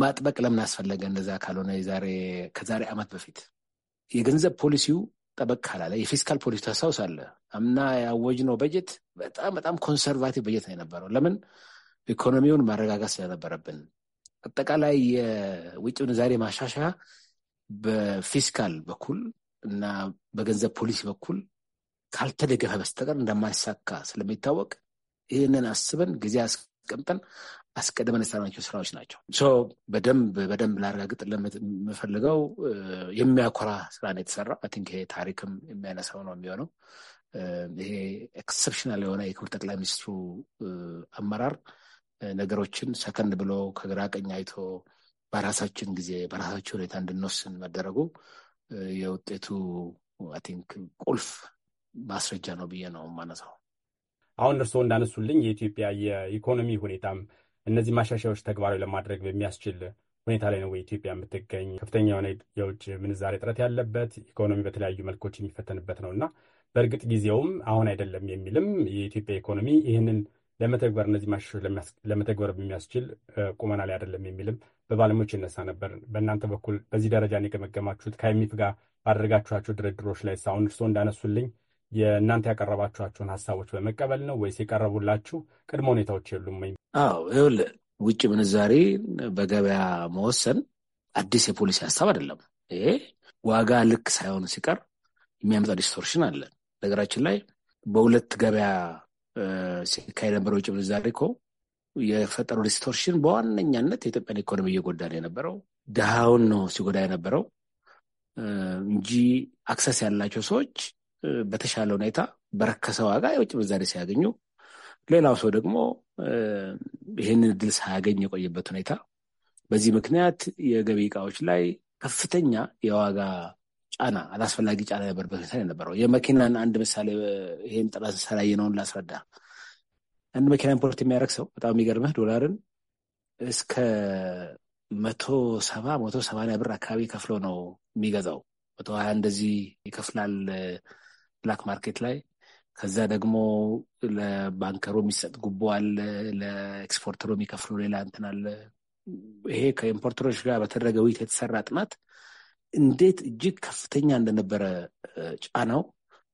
ማጥበቅ ለምን አስፈለገ? እንደዛ ካልሆነ ከዛሬ ዓመት በፊት የገንዘብ ፖሊሲው ጠበቅ ካላለ የፊስካል ፖሊሲ ታስታውሳለ። አምና ያወጅነው በጀት በጣም በጣም ኮንሰርቫቲቭ በጀት ነው የነበረው። ለምን ኢኮኖሚውን ማረጋጋት ስለነበረብን አጠቃላይ የውጭ ምንዛሬ ማሻሻያ በፊስካል በኩል እና በገንዘብ ፖሊሲ በኩል ካልተደገፈ በስተቀር እንደማይሳካ ስለሚታወቅ ይህንን አስበን ጊዜ አስቀምጠን አስቀድመን የሰራናቸው ስራዎች ናቸው። በደንብ በደንብ ላረጋግጥ ለምፈልገው የሚያኮራ ስራ ነው የተሰራ። ቲንክ ይሄ ታሪክም የሚያነሳው ነው የሚሆነው። ይሄ ኤክሰፕሽናል የሆነ የክብር ጠቅላይ ሚኒስትሩ አመራር ነገሮችን ሰከንድ ብሎ ከግራ ቀኝ አይቶ በራሳችን ጊዜ በራሳችን ሁኔታ እንድንወስን መደረጉ የውጤቱ አይ ቲንክ ቁልፍ ማስረጃ ነው ብዬ ነው የማነሳው። አሁን እርስዎ እንዳነሱልኝ የኢትዮጵያ የኢኮኖሚ ሁኔታም እነዚህ ማሻሻያዎች ተግባራዊ ለማድረግ በሚያስችል ሁኔታ ላይ ነው ኢትዮጵያ የምትገኝ። ከፍተኛ የሆነ የውጭ ምንዛሬ እጥረት ያለበት ኢኮኖሚ በተለያዩ መልኮች የሚፈተንበት ነው እና በእርግጥ ጊዜውም አሁን አይደለም የሚልም የኢትዮጵያ ኢኮኖሚ ይህንን ለመተግበር እነዚህ ማሻሻያዎች ለመተግበር የሚያስችል ቁመና ላይ አይደለም የሚልም በባለሙያዎች ይነሳ ነበር። በእናንተ በኩል በዚህ ደረጃ ነው የገመገማችሁት? ከአይኤምኤፍ ጋር ባደረጋችኋቸው ድርድሮች ላይ አሁን እርስዎ እንዳነሱልኝ የእናንተ ያቀረባችኋቸውን ሀሳቦች በመቀበል ነው ወይስ የቀረቡላችሁ ቅድመ ሁኔታዎች የሉም ወይ? አዎ ይኸውልህ፣ ውጭ ምንዛሬ በገበያ መወሰን አዲስ የፖሊሲ ሀሳብ አይደለም። ይሄ ዋጋ ልክ ሳይሆን ሲቀር የሚያመጣ ዲስቶርሽን አለ ነገራችን ላይ በሁለት ገበያ ሲካሄድ የነበረው ውጭ ምንዛሪ እኮ የፈጠሩ ዲስቶርሽን በዋነኛነት የኢትዮጵያን ኢኮኖሚ እየጎዳ ነው የነበረው። ድሃውን ነው ሲጎዳ የነበረው እንጂ አክሰስ ያላቸው ሰዎች በተሻለ ሁኔታ በረከሰ ዋጋ የውጭ ምንዛሪ ሲያገኙ፣ ሌላው ሰው ደግሞ ይህንን እድል ሳያገኝ የቆየበት ሁኔታ በዚህ ምክንያት የገቢ እቃዎች ላይ ከፍተኛ የዋጋ ጫና አላስፈላጊ ጫና ነበር በክርስቲያን የነበረው የመኪናን አንድ ምሳሌ ይህን ጥናት ሰላየ ነውን ላስረዳ። አንድ መኪና ኢምፖርት የሚያደርግ ሰው በጣም የሚገርምህ ዶላርን እስከ መቶ ሰባ መቶ ሰማንያ ብር አካባቢ ከፍሎ ነው የሚገዛው። መቶ ሀያ እንደዚህ ይከፍላል ብላክ ማርኬት ላይ። ከዛ ደግሞ ለባንከሩ የሚሰጥ ጉቦ አለ፣ ለኤክስፖርተሩ የሚከፍለው ሌላ እንትን አለ። ይሄ ከኢምፖርተሮች ጋር በተደረገ ውይይት የተሰራ ጥናት እንዴት እጅግ ከፍተኛ እንደነበረ ጫናው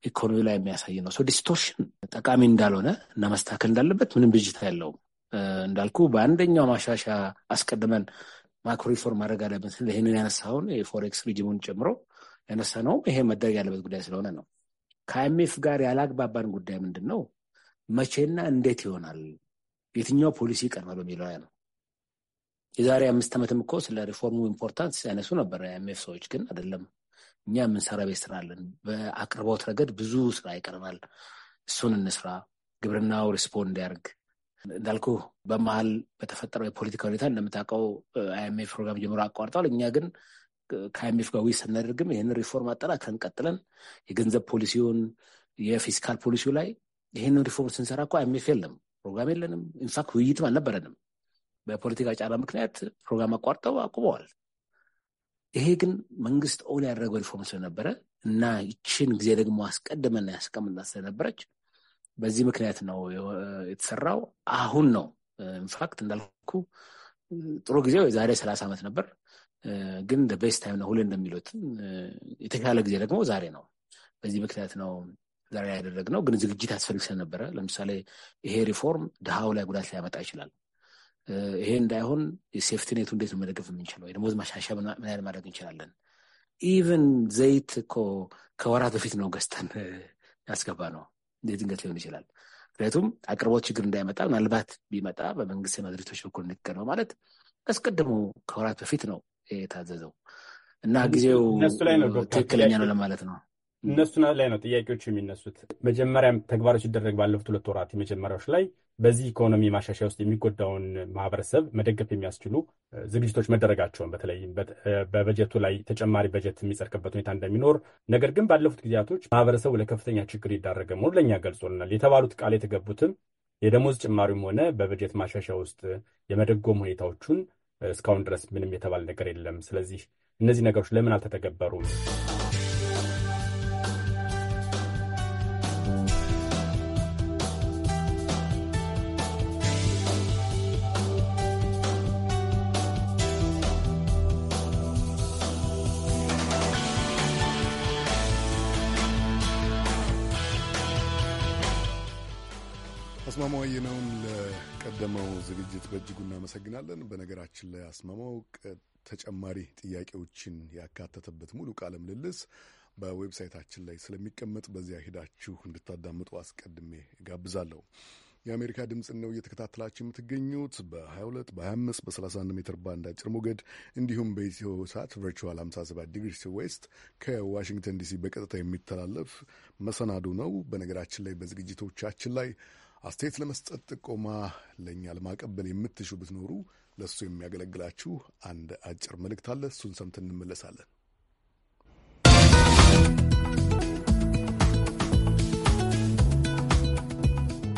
ኢኮኖሚ ላይ የሚያሳይ ነው። ሰው ዲስቶርሽን ጠቃሚ እንዳልሆነ እና መስተካከል እንዳለበት ምንም ብጅታ የለውም። እንዳልኩ በአንደኛው ማሻሻ አስቀድመን ማክሮ ሪፎርም ማድረግ አለብን ስል ይህንን ያነሳውን የፎሬክስ ሪጅሙን ጨምሮ ያነሳ ነው። ይሄ መደረግ ያለበት ጉዳይ ስለሆነ ነው። ከአይኤምኤፍ ጋር ያላግባባን ጉዳይ ምንድን ነው? መቼና እንዴት ይሆናል? የትኛው ፖሊሲ ይቀርማል በሚለው ላይ ነው። የዛሬ አምስት ዓመትም እኮ ስለ ሪፎርሙ ኢምፖርታንስ ሲያነሱ ነበር የአይኤምኤፍ ሰዎች። ግን አይደለም እኛ የምንሰራ ቤት ስራ አለን። በአቅርቦት ረገድ ብዙ ስራ ይቀርባል። እሱን እንስራ። ግብርናው ሪስፖንድ እንዲያደርግ እንዳልኩ በመሀል በተፈጠረው የፖለቲካ ሁኔታ እንደምታውቀው አይኤምኤፍ ፕሮግራም ጀምሮ አቋርጠዋል። እኛ ግን ከአይኤምኤፍ ጋር ውይይት ስናደርግም ይህን ሪፎርም አጠናክረን ቀጥለን የገንዘብ ፖሊሲውን የፊስካል ፖሊሲው ላይ ይህንን ሪፎርም ስንሰራ እኮ አይኤምኤፍ የለም፣ ፕሮግራም የለንም፣ ኢንፋክት ውይይትም አልነበረንም። በፖለቲካ ጫና ምክንያት ፕሮግራም አቋርጠው አቁመዋል። ይሄ ግን መንግስት እውን ያደረገው ሪፎርም ስለነበረ እና ይችን ጊዜ ደግሞ አስቀድመና ያስቀምጣት ስለነበረች በዚህ ምክንያት ነው የተሰራው። አሁን ነው ኢንፋክት እንዳልኩ ጥሩ ጊዜው የዛሬ ሰላሳ ዓመት ነበር፣ ግን ቤስት ታይም ነው ሁሌ እንደሚሉት። የተሻለ ጊዜ ደግሞ ዛሬ ነው። በዚህ ምክንያት ነው ዛሬ ያደረግነው። ግን ዝግጅት አስፈልግ ስለነበረ፣ ለምሳሌ ይሄ ሪፎርም ድሃው ላይ ጉዳት ሊያመጣ ይችላል። ይሄ እንዳይሆን የሴፍቲኔቱ እንዴት ነው መደገፍ የምንችለው? የደሞዝ ማሻሻ ምን ያህል ማድረግ እንችላለን? ኢቨን ዘይት እኮ ከወራት በፊት ነው ገዝተን [LAUGHS] ያስገባ ነው። እንዴት ድንገት ሊሆን ይችላል። ምክንያቱም አቅርቦት ችግር እንዳይመጣ ምናልባት ቢመጣ በመንግስት የማድሪቶች በኩል እንቀር ነው ማለት አስቀድሞ ከወራት በፊት ነው የታዘዘው እና ጊዜው ትክክለኛ ነው ለማለት ነው። እነሱ ላይ ነው ጥያቄዎች የሚነሱት። መጀመሪያም ተግባሮች ሲደረግ ባለፉት ሁለት ወራት የመጀመሪያዎች ላይ በዚህ ኢኮኖሚ ማሻሻያ ውስጥ የሚጎዳውን ማህበረሰብ መደገፍ የሚያስችሉ ዝግጅቶች መደረጋቸውን በተለይም በበጀቱ ላይ ተጨማሪ በጀት የሚጸድቅበት ሁኔታ እንደሚኖር፣ ነገር ግን ባለፉት ጊዜያቶች ማህበረሰቡ ለከፍተኛ ችግር ይዳረገ መሆኑ ለእኛ ገልጾልናል። የተባሉት ቃል የተገቡትም የደሞዝ ጭማሪም ሆነ በበጀት ማሻሻያ ውስጥ የመደጎም ሁኔታዎቹን እስካሁን ድረስ ምንም የተባለ ነገር የለም። ስለዚህ እነዚህ ነገሮች ለምን አልተተገበሩም? አስማማው አየነውን ለቀደመው ዝግጅት በእጅጉ እናመሰግናለን። በነገራችን ላይ አስማማው ተጨማሪ ጥያቄዎችን ያካተተበት ሙሉ ቃለ ምልልስ በዌብሳይታችን ላይ ስለሚቀመጥ በዚያ ሄዳችሁ እንድታዳምጡ አስቀድሜ ጋብዛለሁ። የአሜሪካ ድምፅ ነው እየተከታተላችሁ የምትገኙት። በ22 በ25 በ31 ሜትር ባንድ አጭር ሞገድ እንዲሁም በኢትዮ ሳት ቨርቹዋል 57 ዲግሪ ዌስት ከዋሽንግተን ዲሲ በቀጥታ የሚተላለፍ መሰናዶ ነው። በነገራችን ላይ በዝግጅቶቻችን ላይ አስተያየት ለመስጠት ጥቆማ ለእኛ ለማቀበል የምትሹ ብትኖሩ ለእሱ የሚያገለግላችሁ አንድ አጭር መልእክት አለ። እሱን ሰምተን እንመለሳለን።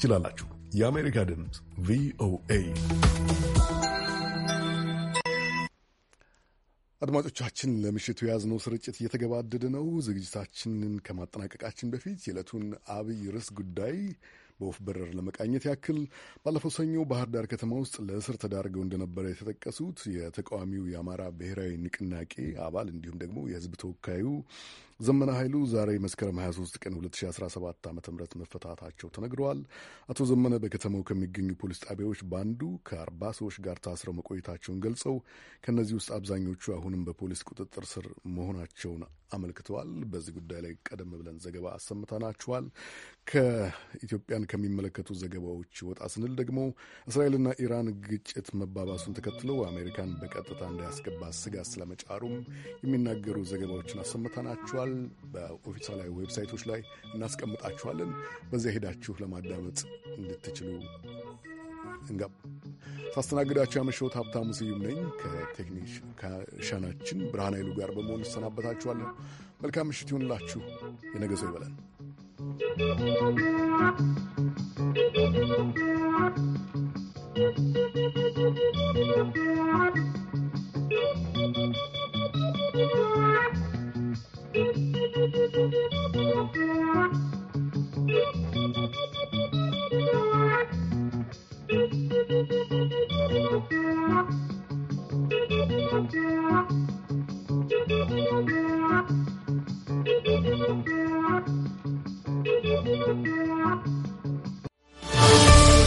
ትችላላችሁ። የአሜሪካ ድምፅ ቪኦኤ አድማጮቻችን፣ ለምሽቱ የያዝነው ስርጭት እየተገባደደ ነው። ዝግጅታችንን ከማጠናቀቃችን በፊት የዕለቱን አብይ ርዕስ ጉዳይ በወፍ በረር ለመቃኘት ያክል ባለፈው ሰኞ ባህር ዳር ከተማ ውስጥ ለእስር ተዳርገው እንደነበረ የተጠቀሱት የተቃዋሚው የአማራ ብሔራዊ ንቅናቄ አባል እንዲሁም ደግሞ የሕዝብ ተወካዩ ዘመነ ኃይሉ ዛሬ መስከረም 23 ቀን 2017 ዓ ም መፈታታቸው ተነግረዋል። አቶ ዘመነ በከተማው ከሚገኙ ፖሊስ ጣቢያዎች በአንዱ ከአርባ ሰዎች ጋር ታስረው መቆየታቸውን ገልጸው ከእነዚህ ውስጥ አብዛኞቹ አሁንም በፖሊስ ቁጥጥር ስር መሆናቸውን አመልክተዋል። በዚህ ጉዳይ ላይ ቀደም ብለን ዘገባ አሰምተናችኋል። ከኢትዮጵያን ከሚመለከቱ ዘገባዎች ወጣ ስንል ደግሞ እስራኤልና ኢራን ግጭት መባባሱን ተከትለው አሜሪካን በቀጥታ እንዳያስገባ ስጋት ስለመጫሩም የሚናገሩ ዘገባዎችን አሰምተናችኋል። በኦፊሳ በኦፊሳላዊ ዌብሳይቶች ላይ እናስቀምጣችኋለን። በዚያ ሄዳችሁ ለማዳመጥ እንድትችሉ እንጋ ሳስተናግዳችሁ ያመሸሁት ሀብታሙ ስዩም ነኝ። ከቴክኒሻናችን ብርሃን ኃይሉ ጋር በመሆን እሰናበታችኋለሁ። መልካም ምሽት ይሁንላችሁ። የነገ ሰው ይበለን።